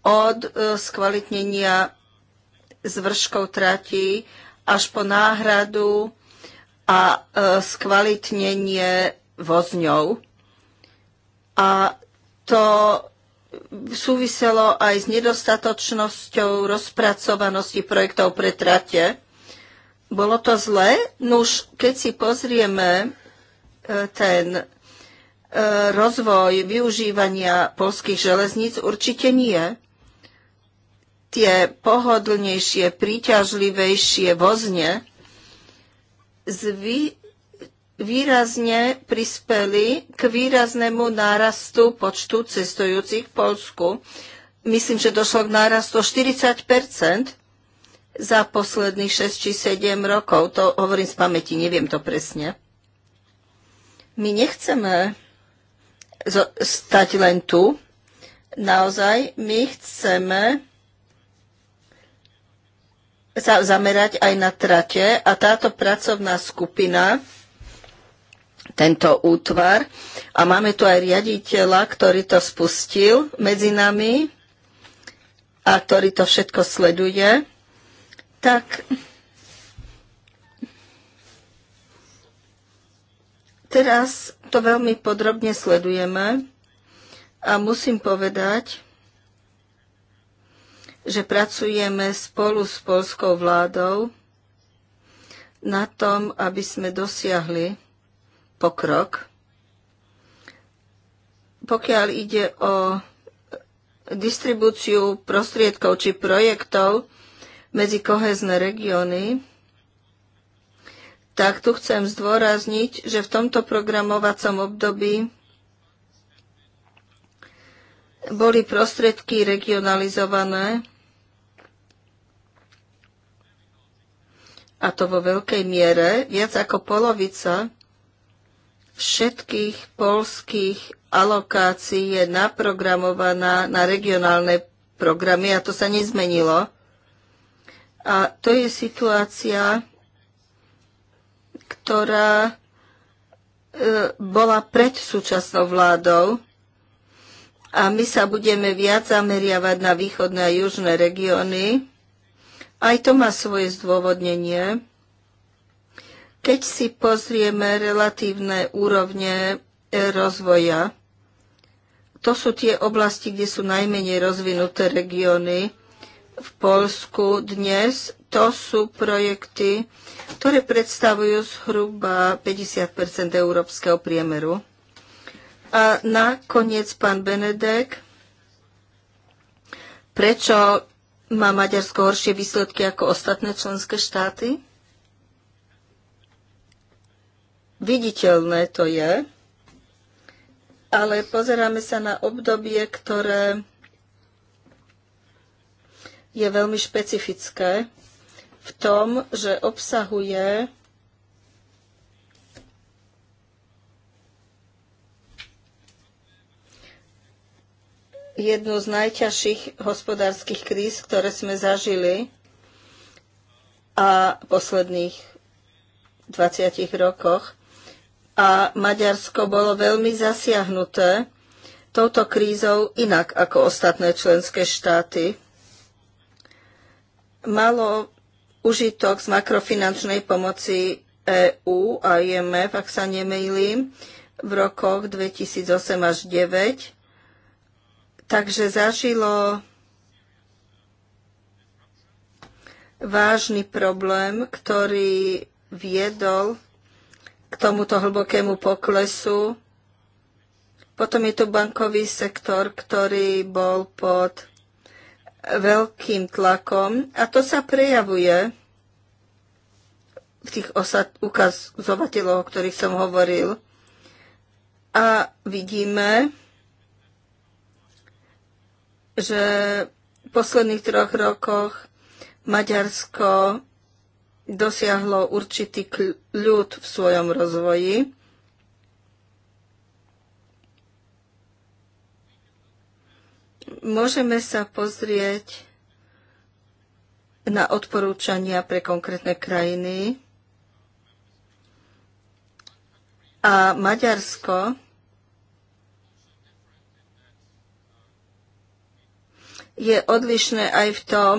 od e, skvalitnenia zvrškov tratí až po náhradu a e, skvalitnenie vozňov. A to súviselo aj s nedostatočnosťou rozpracovanosti projektov pre trate. Bolo to zlé? No už keď si pozrieme e, ten e, rozvoj využívania polských železníc, určite nie tie pohodlnejšie, príťažlivejšie vozne zvy, výrazne prispeli k výraznému nárastu počtu cestujúcich v Polsku. Myslím, že došlo k nárastu 40 za posledných 6 či 7 rokov. To hovorím z pamäti, neviem to presne. My nechceme stať len tu. Naozaj, my chceme sa zamerať aj na trate a táto pracovná skupina tento útvar a máme tu aj riaditeľa, ktorý to spustil medzi nami a ktorý to všetko sleduje, tak teraz to veľmi podrobne sledujeme a musím povedať, že pracujeme spolu s polskou vládou na tom, aby sme dosiahli pokrok. Pokiaľ ide o distribúciu prostriedkov či projektov medzi kohezné regióny, tak tu chcem zdôrazniť, že v tomto programovacom období boli prostriedky regionalizované a to vo veľkej miere. Viac ako polovica všetkých polských alokácií je naprogramovaná na regionálne programy a to sa nezmenilo. A to je situácia, ktorá e, bola pred súčasnou vládou a my sa budeme viac zameriavať na východné a južné regióny aj to má svoje zdôvodnenie. Keď si pozrieme relatívne úrovne e, rozvoja, to sú tie oblasti, kde sú najmenej rozvinuté regióny v Polsku dnes. To sú projekty, ktoré predstavujú zhruba 50 európskeho priemeru. A nakoniec pán Benedek, prečo má Maďarsko horšie výsledky ako ostatné členské štáty? Viditeľné to je, ale pozeráme sa na obdobie, ktoré je veľmi špecifické v tom, že obsahuje jednu z najťažších hospodárskych kríz, ktoré sme zažili a posledných 20 rokoch. A Maďarsko bolo veľmi zasiahnuté touto krízou inak ako ostatné členské štáty. Malo užitok z makrofinančnej pomoci EÚ a IMF, ak sa nemýlim, v rokoch 2008 až 2009 Takže zažilo vážny problém, ktorý viedol k tomuto hlbokému poklesu. Potom je tu bankový sektor, ktorý bol pod veľkým tlakom a to sa prejavuje v tých ukazovateľov, o ktorých som hovoril. A vidíme, že v posledných troch rokoch Maďarsko dosiahlo určitý ľud v svojom rozvoji. Môžeme sa pozrieť na odporúčania pre konkrétne krajiny. A Maďarsko je odlišné aj v tom,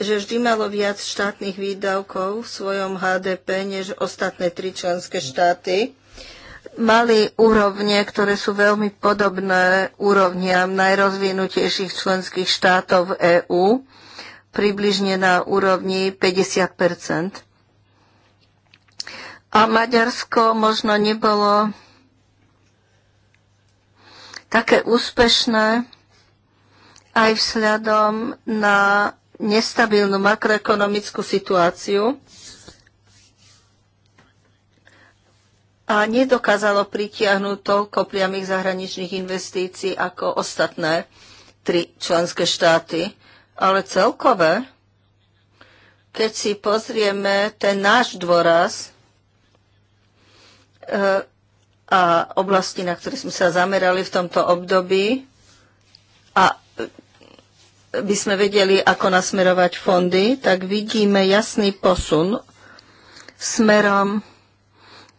že vždy malo viac štátnych výdavkov v svojom HDP než ostatné tri členské štáty. Mali úrovne, ktoré sú veľmi podobné úrovniam najrozvinutejších členských štátov v EÚ, približne na úrovni 50 A Maďarsko možno nebolo také úspešné aj vzhľadom na nestabilnú makroekonomickú situáciu a nedokázalo pritiahnuť toľko priamých zahraničných investícií ako ostatné tri členské štáty. Ale celkové, keď si pozrieme ten náš dôraz, eh, a oblasti, na ktoré sme sa zamerali v tomto období a by sme vedeli, ako nasmerovať fondy, tak vidíme jasný posun smerom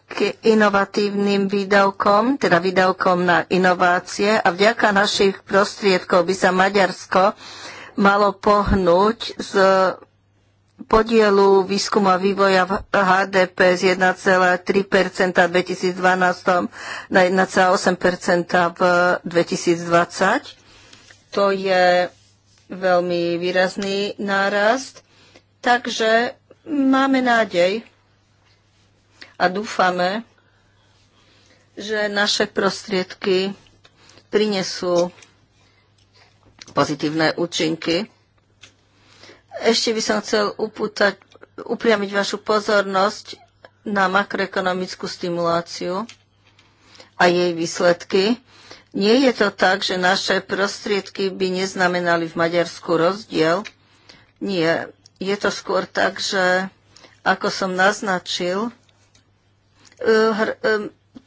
k inovatívnym výdavkom, teda výdavkom na inovácie a vďaka našich prostriedkov by sa Maďarsko malo pohnúť z podielu výskumu a vývoja v HDP z 1,3 v 2012 na 1,8 v 2020. To je veľmi výrazný nárast, takže máme nádej a dúfame, že naše prostriedky prinesú pozitívne účinky ešte by som chcel upútať, upriamiť vašu pozornosť na makroekonomickú stimuláciu a jej výsledky. Nie je to tak, že naše prostriedky by neznamenali v Maďarsku rozdiel. Nie. Je to skôr tak, že ako som naznačil, e, e,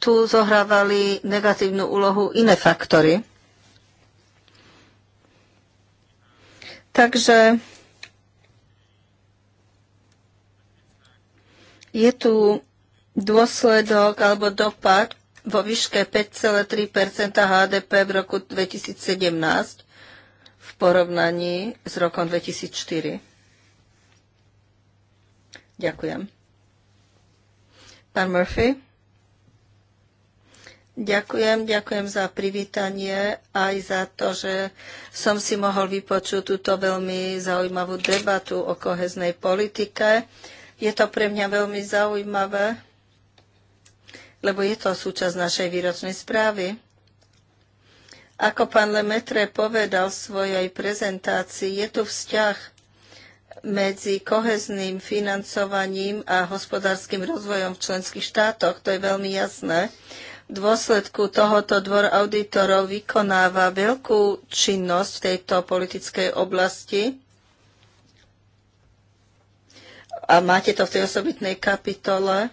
tu zohrávali negatívnu úlohu iné faktory. Takže Je tu dôsledok alebo dopad vo výške 5,3 HDP v roku 2017 v porovnaní s rokom 2004. Ďakujem. Pán Murphy? Ďakujem, ďakujem za privítanie aj za to, že som si mohol vypočuť túto veľmi zaujímavú debatu o koheznej politike. Je to pre mňa veľmi zaujímavé, lebo je to súčasť našej výročnej správy. Ako pán Lemetre povedal v svojej prezentácii, je tu vzťah medzi kohezným financovaním a hospodárskym rozvojom v členských štátoch. To je veľmi jasné. V dôsledku tohoto dvor auditorov vykonáva veľkú činnosť v tejto politickej oblasti a máte to v tej osobitnej kapitole.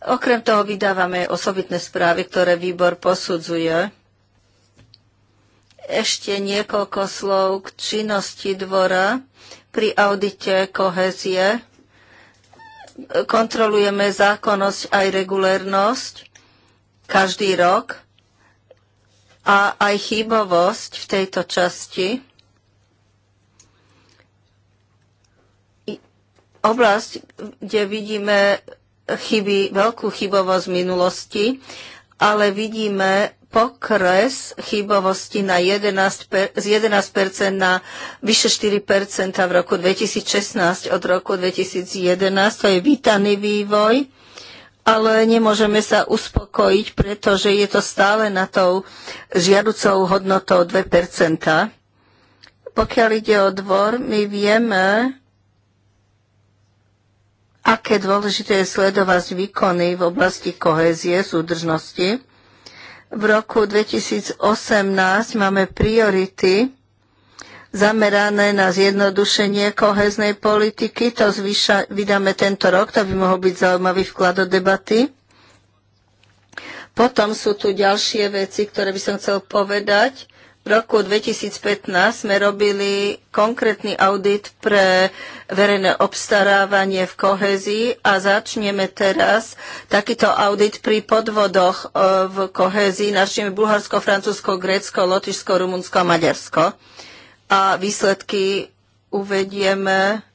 Okrem toho vydávame osobitné správy, ktoré výbor posudzuje. Ešte niekoľko slov k činnosti dvora pri audite kohezie. Kontrolujeme zákonnosť aj regulérnosť každý rok a aj chybovosť v tejto časti oblasť, kde vidíme chyby, veľkú chybovosť minulosti, ale vidíme pokres chybovosti na 11, z 11% na vyše 4% v roku 2016 od roku 2011. To je vítaný vývoj, ale nemôžeme sa uspokojiť, pretože je to stále na tou žiaducou hodnotou 2%. Pokiaľ ide o dvor, my vieme, aké dôležité je sledovať výkony v oblasti kohézie, súdržnosti. V roku 2018 máme priority zamerané na zjednodušenie koheznej politiky. To zvýša, vydáme tento rok, to by mohol byť zaujímavý vklad do debaty. Potom sú tu ďalšie veci, ktoré by som chcel povedať. V roku 2015 sme robili konkrétny audit pre verejné obstarávanie v kohezii a začneme teraz takýto audit pri podvodoch e, v kohezii. našimi Bulharsko, Francúzsko, Grécko, Lotyšsko, Rumunsko a Maďarsko. A výsledky uvedieme,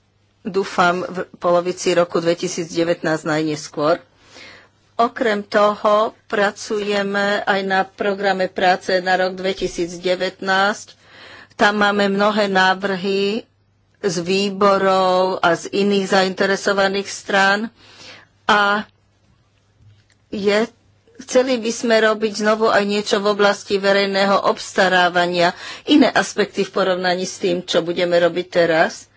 dúfam, v polovici roku 2019 najneskôr. Okrem toho pracujeme aj na programe práce na rok 2019. Tam máme mnohé návrhy z výborov a z iných zainteresovaných strán. A je, chceli by sme robiť znovu aj niečo v oblasti verejného obstarávania, iné aspekty v porovnaní s tým, čo budeme robiť teraz.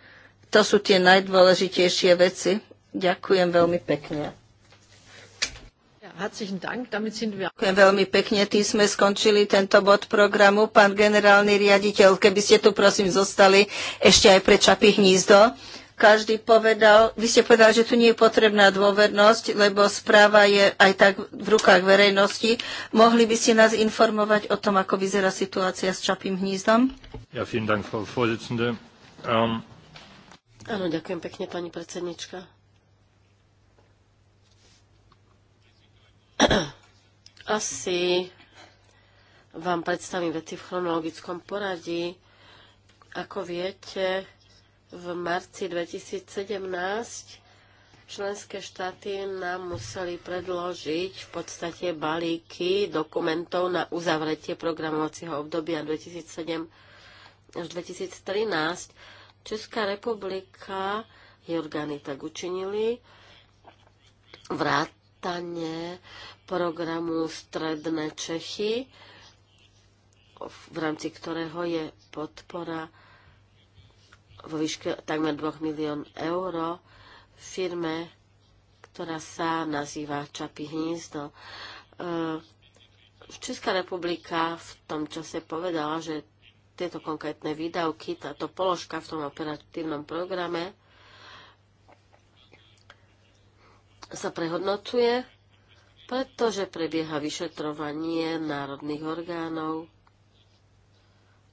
To sú tie najdôležitejšie veci. Ďakujem veľmi pekne. Ďakujem veľmi pekne, tým sme skončili tento bod programu. Pán generálny riaditeľ, keby ste tu prosím zostali ešte aj pre Čapy hnízdo. Každý povedal, vy ste povedali, že tu nie je potrebná dôvernosť, lebo správa je aj tak v rukách verejnosti. Mohli by ste nás informovať o tom, ako vyzerá situácia s Čapým hnízdom? Ja, vielen Dank, Frau Vorsitzende. Um... Áno, ďakujem pekne, pani predsednička. Asi vám predstavím veci v chronologickom poradí. Ako viete, v marci 2017 členské štáty nám museli predložiť v podstate balíky dokumentov na uzavretie programovacieho obdobia 2007 až 2013. Česká republika, orgány tak učinili, vrát vrátane programu Stredné Čechy, v rámci ktorého je podpora vo výške takmer 2 milión eur firme, ktorá sa nazýva Čapy hnízdo. E, Česká republika v tom čase povedala, že tieto konkrétne výdavky, táto položka v tom operatívnom programe sa prehodnocuje, pretože prebieha vyšetrovanie národných orgánov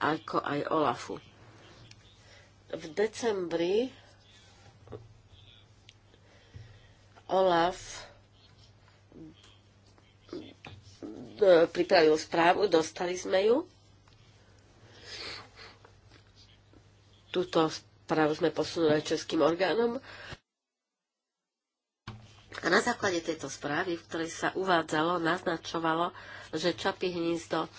ako aj OLAFu. V decembri OLAF e, pripravil správu, dostali sme ju. Tuto správu sme posunuli českým orgánom. A na základe tejto správy, v ktorej sa uvádzalo, naznačovalo, že Čapy hnízdo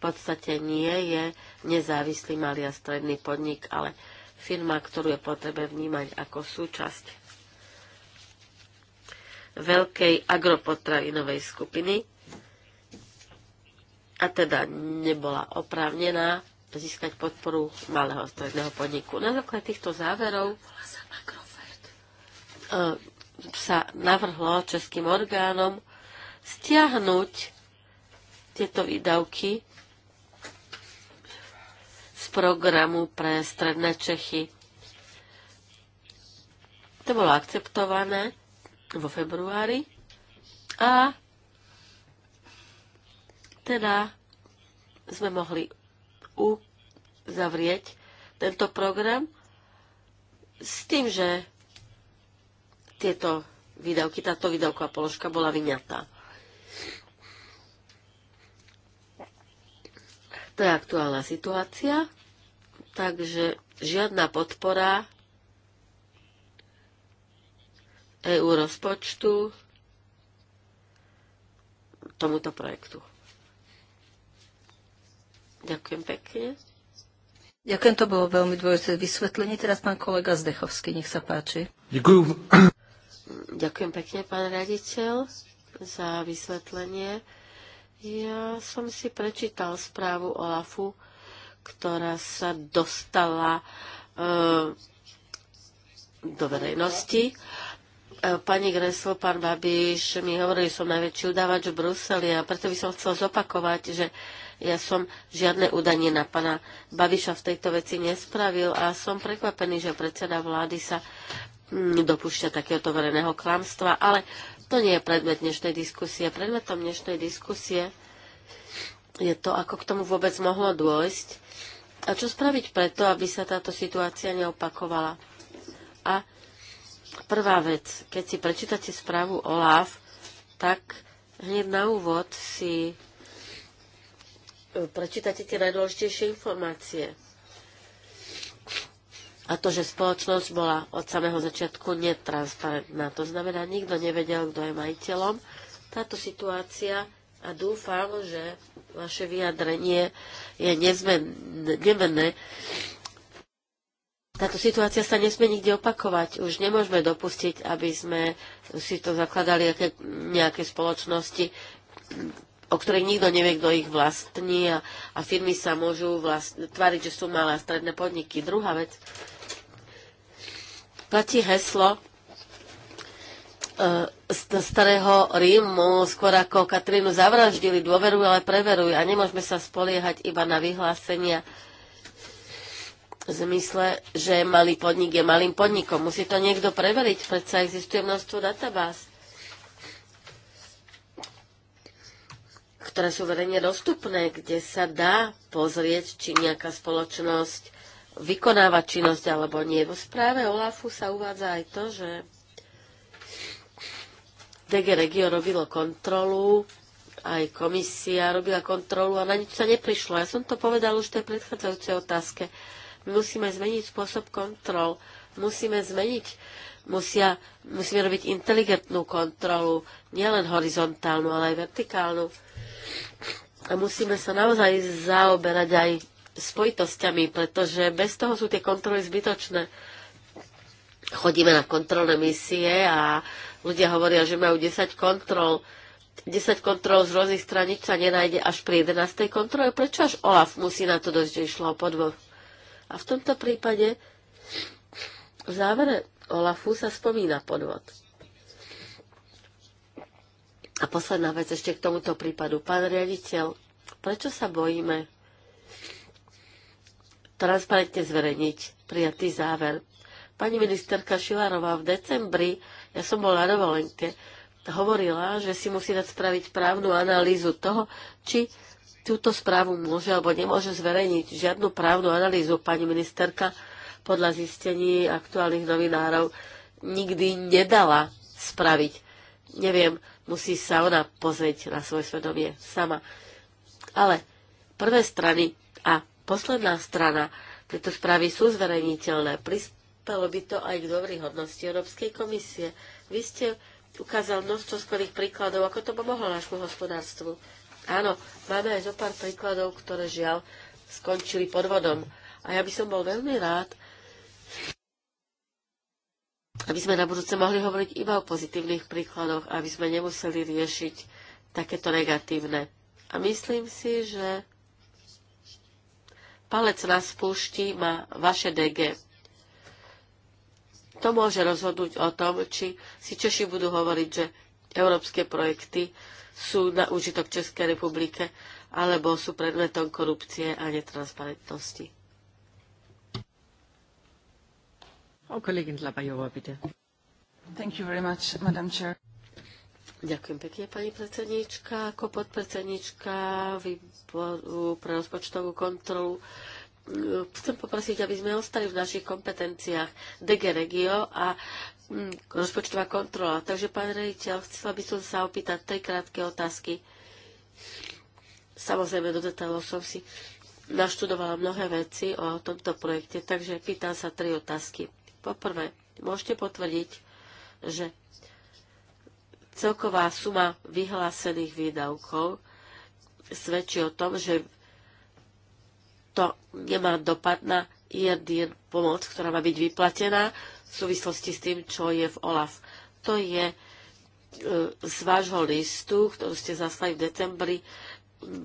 v podstate nie je nezávislý malý a stredný podnik, ale firma, ktorú je potrebe vnímať ako súčasť veľkej agropotravinovej skupiny a teda nebola oprávnená získať podporu malého stredného podniku. Na základe týchto záverov sa navrhlo českým orgánom stiahnuť tieto výdavky z programu pre stredné Čechy. To bolo akceptované vo februári a teda sme mohli uzavrieť tento program s tým, že tieto výdavky, táto výdavková položka bola vyňatá. To je aktuálna situácia, takže žiadna podpora EU rozpočtu tomuto projektu. Ďakujem pekne. Ďakujem, to bolo veľmi dôležité vysvetlenie. Teraz pán kolega Zdechovský, nech sa páči. Ďakujem. Ďakujem pekne, pán raditeľ, za vysvetlenie. Ja som si prečítal správu Olafu, ktorá sa dostala e, do verejnosti. Eh, pani Greslo, pán Babiš, mi hovorí, že som najväčší udávač v Bruseli a preto by som chcel zopakovať, že ja som žiadne údanie na pana Babiša v tejto veci nespravil a som prekvapený, že predseda vlády sa dopúšťa takéhoto verejného klamstva, ale to nie je predmet dnešnej diskusie. Predmetom dnešnej diskusie je to, ako k tomu vôbec mohlo dôjsť a čo spraviť preto, aby sa táto situácia neopakovala. A prvá vec, keď si prečítate správu OLAF, tak hneď na úvod si e, prečítate tie najdôležitejšie informácie a to, že spoločnosť bola od samého začiatku netransparentná. To znamená, nikto nevedel, kto je majiteľom. Táto situácia a dúfam, že vaše vyjadrenie je nemenné. Táto situácia sa nesmie nikde opakovať. Už nemôžeme dopustiť, aby sme si to zakladali nejaké spoločnosti, o ktorých nikto nevie, kto ich vlastní a, a firmy sa môžu vlast, tváriť, že sú malé a stredné podniky. Druhá vec, platí heslo e, z starého Rímu, skôr ako Katrínu zavraždili, dôveruj, ale preverujú a nemôžeme sa spoliehať iba na vyhlásenia v zmysle, že malý podnik je malým podnikom. Musí to niekto preveriť, predsa existuje množstvo databáz, ktoré sú verejne dostupné, kde sa dá pozrieť, či nejaká spoločnosť vykonávať činnosť alebo nie. Vo správe OLAFu sa uvádza aj to, že DG Regio robilo kontrolu, aj komisia robila kontrolu a na nič sa neprišlo. Ja som to povedal už v tej predchádzajúcej otázke. My musíme zmeniť spôsob kontrol, musíme zmeniť, musia, musíme robiť inteligentnú kontrolu, nielen horizontálnu, ale aj vertikálnu. A musíme sa naozaj zaoberať aj spojitosťami, pretože bez toho sú tie kontroly zbytočné. Chodíme na kontrolné misie a ľudia hovoria, že majú 10 kontrol. 10 kontrol z rôznych straníc sa nenájde až pri 11. kontrole. Prečo až Olaf musí na to dosť, že išlo o podvod? A v tomto prípade v závere Olafu sa spomína podvod. A posledná vec ešte k tomuto prípadu. Pán riaditeľ, prečo sa bojíme transparentne zverejniť prijatý záver. Pani ministerka Šilárová v decembri, ja som bola na dovolenke, hovorila, že si musí dať spraviť právnu analýzu toho, či túto správu môže alebo nemôže zverejniť. Žiadnu právnu analýzu pani ministerka podľa zistení aktuálnych novinárov nikdy nedala spraviť. Neviem, musí sa ona pozrieť na svoje svedomie sama. Ale prvé strany a posledná strana tejto správy sú zverejniteľné. Prispelo by to aj k dobrej hodnosti Európskej komisie. Vy ste ukázal množstvo skvelých príkladov, ako to pomohlo nášmu hospodárstvu. Áno, máme aj zo pár príkladov, ktoré žiaľ skončili pod vodom. A ja by som bol veľmi rád, aby sme na budúce mohli hovoriť iba o pozitívnych príkladoch, aby sme nemuseli riešiť takéto negatívne. A myslím si, že palec na spúšti má vaše DG. To môže rozhodnúť o tom, či si Češi budú hovoriť, že európske projekty sú na úžitok Českej republike alebo sú predmetom korupcie a netransparentnosti. O kolegin Labajová, bitte. Thank you very much, Madam Chair. Ďakujem pekne, pani predsednička. Ako podpredsednička výboru pre rozpočtovú kontrolu eh, chcem poprosiť, aby sme ostali v našich kompetenciách DG Regio a hm, rozpočtová kontrola. Takže, pán rejiteľ, chcela by som sa opýtať tri krátke otázky. Samozrejme, do detailov som si naštudovala mnohé veci o tomto projekte, takže pýtam sa tri otázky. Poprvé, môžete potvrdiť, že Celková suma vyhlásených výdavkov svedčí o tom, že to nemá dopad na jeden pomoc, ktorá má byť vyplatená v súvislosti s tým, čo je v OLAF. To je e, z vášho listu, ktorú ste zaslali v decembri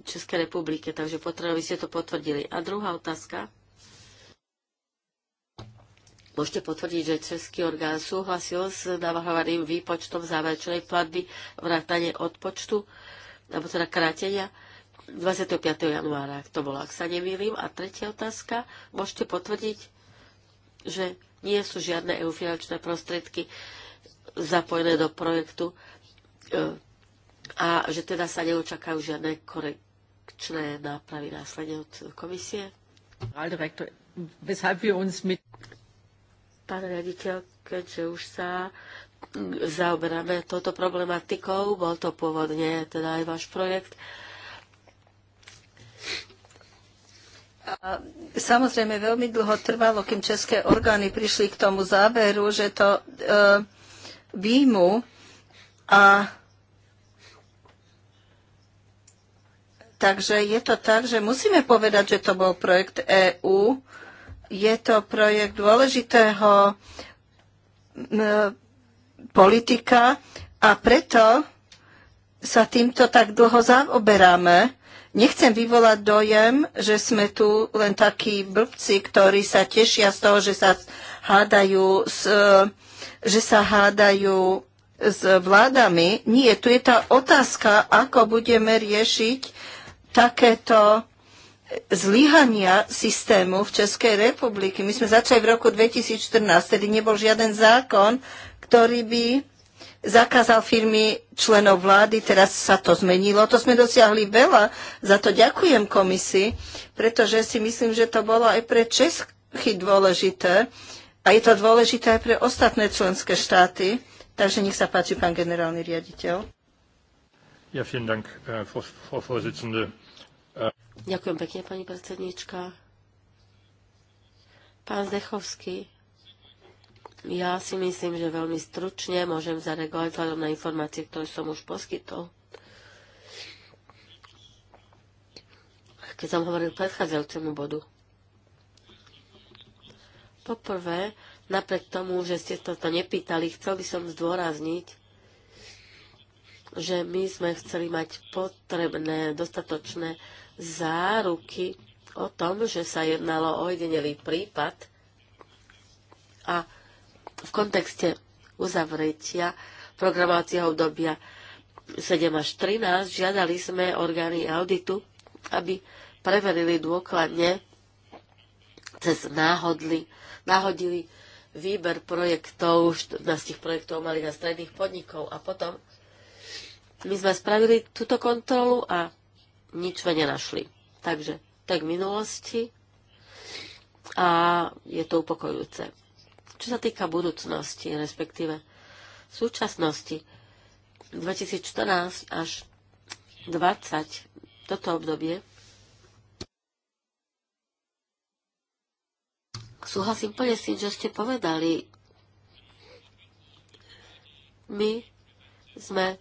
Českej republike, takže potrebovali ste to potvrdili. A druhá otázka. Môžete potvrdiť, že český orgán súhlasil s navrhovaným výpočtom záverečnej platby vrátane odpočtu, alebo teda krátenia 25. januára, to bolo, ak sa nemýlim. A tretia otázka, môžete potvrdiť, že nie sú žiadne EU finančné prostriedky zapojené do projektu e, a že teda sa neočakajú žiadne korekčné nápravy následne od komisie? Pán riaditeľ, keďže už sa zaoberáme touto problematikou, bol to pôvodne teda aj váš projekt, A samozrejme, veľmi dlho trvalo, kým české orgány prišli k tomu záveru, že to e, výjmu a takže je to tak, že musíme povedať, že to bol projekt EÚ, je to projekt dôležitého politika a preto sa týmto tak dlho zaoberáme. Nechcem vyvolať dojem, že sme tu len takí blbci, ktorí sa tešia z toho, že sa hádajú s, že sa hádajú s vládami. Nie, tu je tá otázka, ako budeme riešiť takéto zlyhania systému v Českej republiky. My sme začali v roku 2014, tedy nebol žiaden zákon, ktorý by zakázal firmy členov vlády, teraz sa to zmenilo. To sme dosiahli veľa, za to ďakujem komisii, pretože si myslím, že to bolo aj pre česky dôležité a je to dôležité aj pre ostatné členské štáty. Takže nech sa páči, pán generálny riaditeľ. Ja, vielen Dank, Frau Vorsitzende. Ďakujem pekne, pani predsednička. Pán Zdechovský, ja si myslím, že veľmi stručne môžem zareagovať vzhľadom na informácie, ktoré som už poskytol. Keď som hovoril k predchádzajúcemu bodu. Poprvé, napriek tomu, že ste to nepýtali, chcel by som zdôrazniť, že my sme chceli mať potrebné, dostatočné záruky o tom, že sa jednalo o jedinelý prípad a v kontexte uzavretia programovacieho obdobia 7 až 13 žiadali sme orgány auditu, aby preverili dôkladne cez náhodli, náhodili výber projektov, 14 projektov malých a stredných podnikov a potom my sme spravili túto kontrolu a nič sme nenašli. Takže tak v minulosti a je to upokojujúce. Čo sa týka budúcnosti, respektíve súčasnosti, 2014 až 2020, toto obdobie, súhlasím plne s tým, čo ste povedali. My sme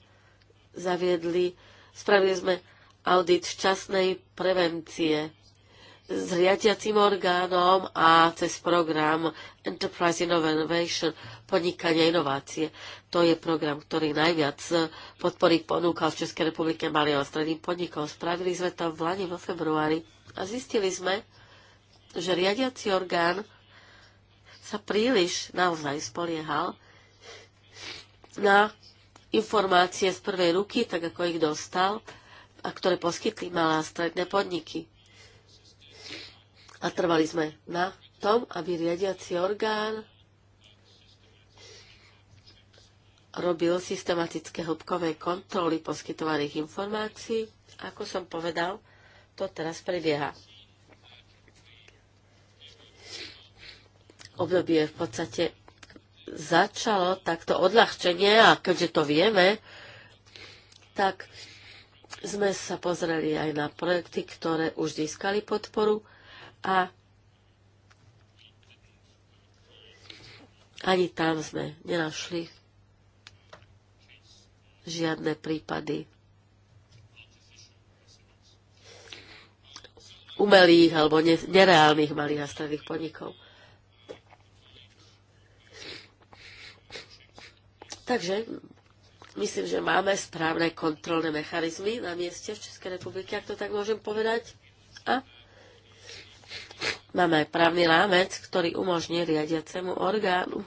zaviedli, spravili sme audit včasnej prevencie s riadiacím orgánom a cez program Enterprise Innovation podnikania inovácie. To je program, ktorý najviac podpory ponúkal v Českej republike malým a stredným podnikom. Spravili sme to v Lani vo februári a zistili sme, že riadiaci orgán sa príliš naozaj spoliehal na informácie z prvej ruky, tak ako ich dostal, a ktoré poskytli malé a stredné podniky. A trvali sme na tom, aby riadiaci orgán robil systematické hĺbkové kontroly poskytovaných informácií. Ako som povedal, to teraz prebieha. Obdobie v podstate začalo takto odľahčenie a keďže to vieme, tak sme sa pozreli aj na projekty, ktoré už získali podporu a ani tam sme nenašli žiadne prípady umelých alebo nereálnych malých a stredných podnikov. Takže Myslím, že máme správne kontrolné mechanizmy na mieste v Českej republike, ak to tak môžem povedať. A máme aj právny rámec, ktorý umožní riadiacemu orgánu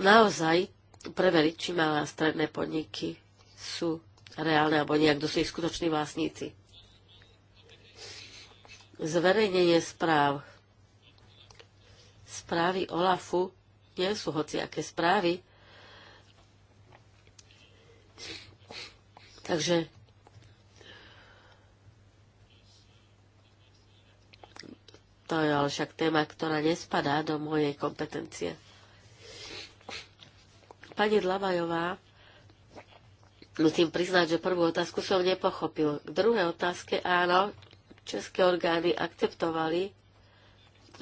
naozaj preveriť, či malé a stredné podniky sú reálne alebo nejak, kto sú ich skutoční vlastníci. Zverejnenie správ. Správy OLAFu nie sú hociaké správy. Takže to je ale však téma, ktorá nespadá do mojej kompetencie. Pani Dlabajová, musím priznať, že prvú otázku som nepochopil. K druhej otázke áno, české orgány akceptovali,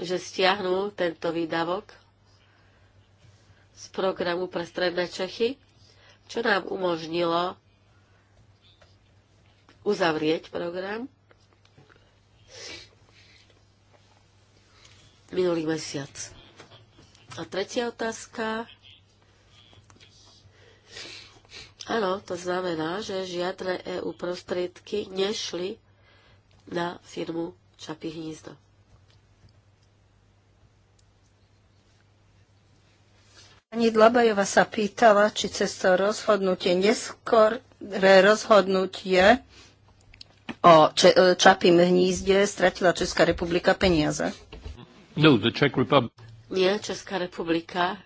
že stiahnu tento výdavok z programu pre Stredné Čechy, čo nám umožnilo uzavrieť program minulý mesiac. A tretia otázka. Áno, to znamená, že žiadne EU prostriedky nešli na firmu Čapy hnízdo. Pani Dlabajova sa pýtala, či cez to rozhodnutie neskoré rozhodnutie o e, Čapím hnízde stratila Česká republika peniaze. No, the Czech Republic. Nie, Česká republika.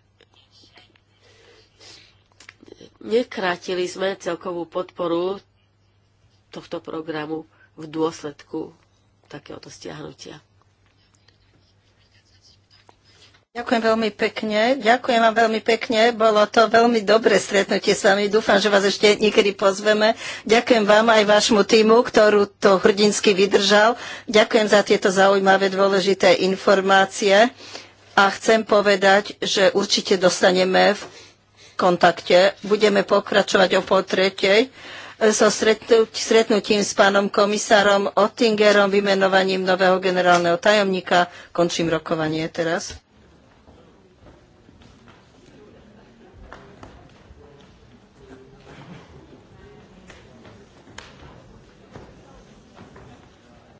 Nekrátili sme celkovú podporu tohto programu v dôsledku takéhoto stiahnutia. Ďakujem veľmi pekne. Ďakujem vám veľmi pekne. Bolo to veľmi dobré stretnutie s vami. Dúfam, že vás ešte niekedy pozveme. Ďakujem vám aj vášmu týmu, ktorú to hrdinsky vydržal. Ďakujem za tieto zaujímavé, dôležité informácie. A chcem povedať, že určite dostaneme v kontakte. Budeme pokračovať o pol tretej so stretnutím s pánom komisárom Ottingerom, vymenovaním nového generálneho tajomníka. Končím rokovanie teraz.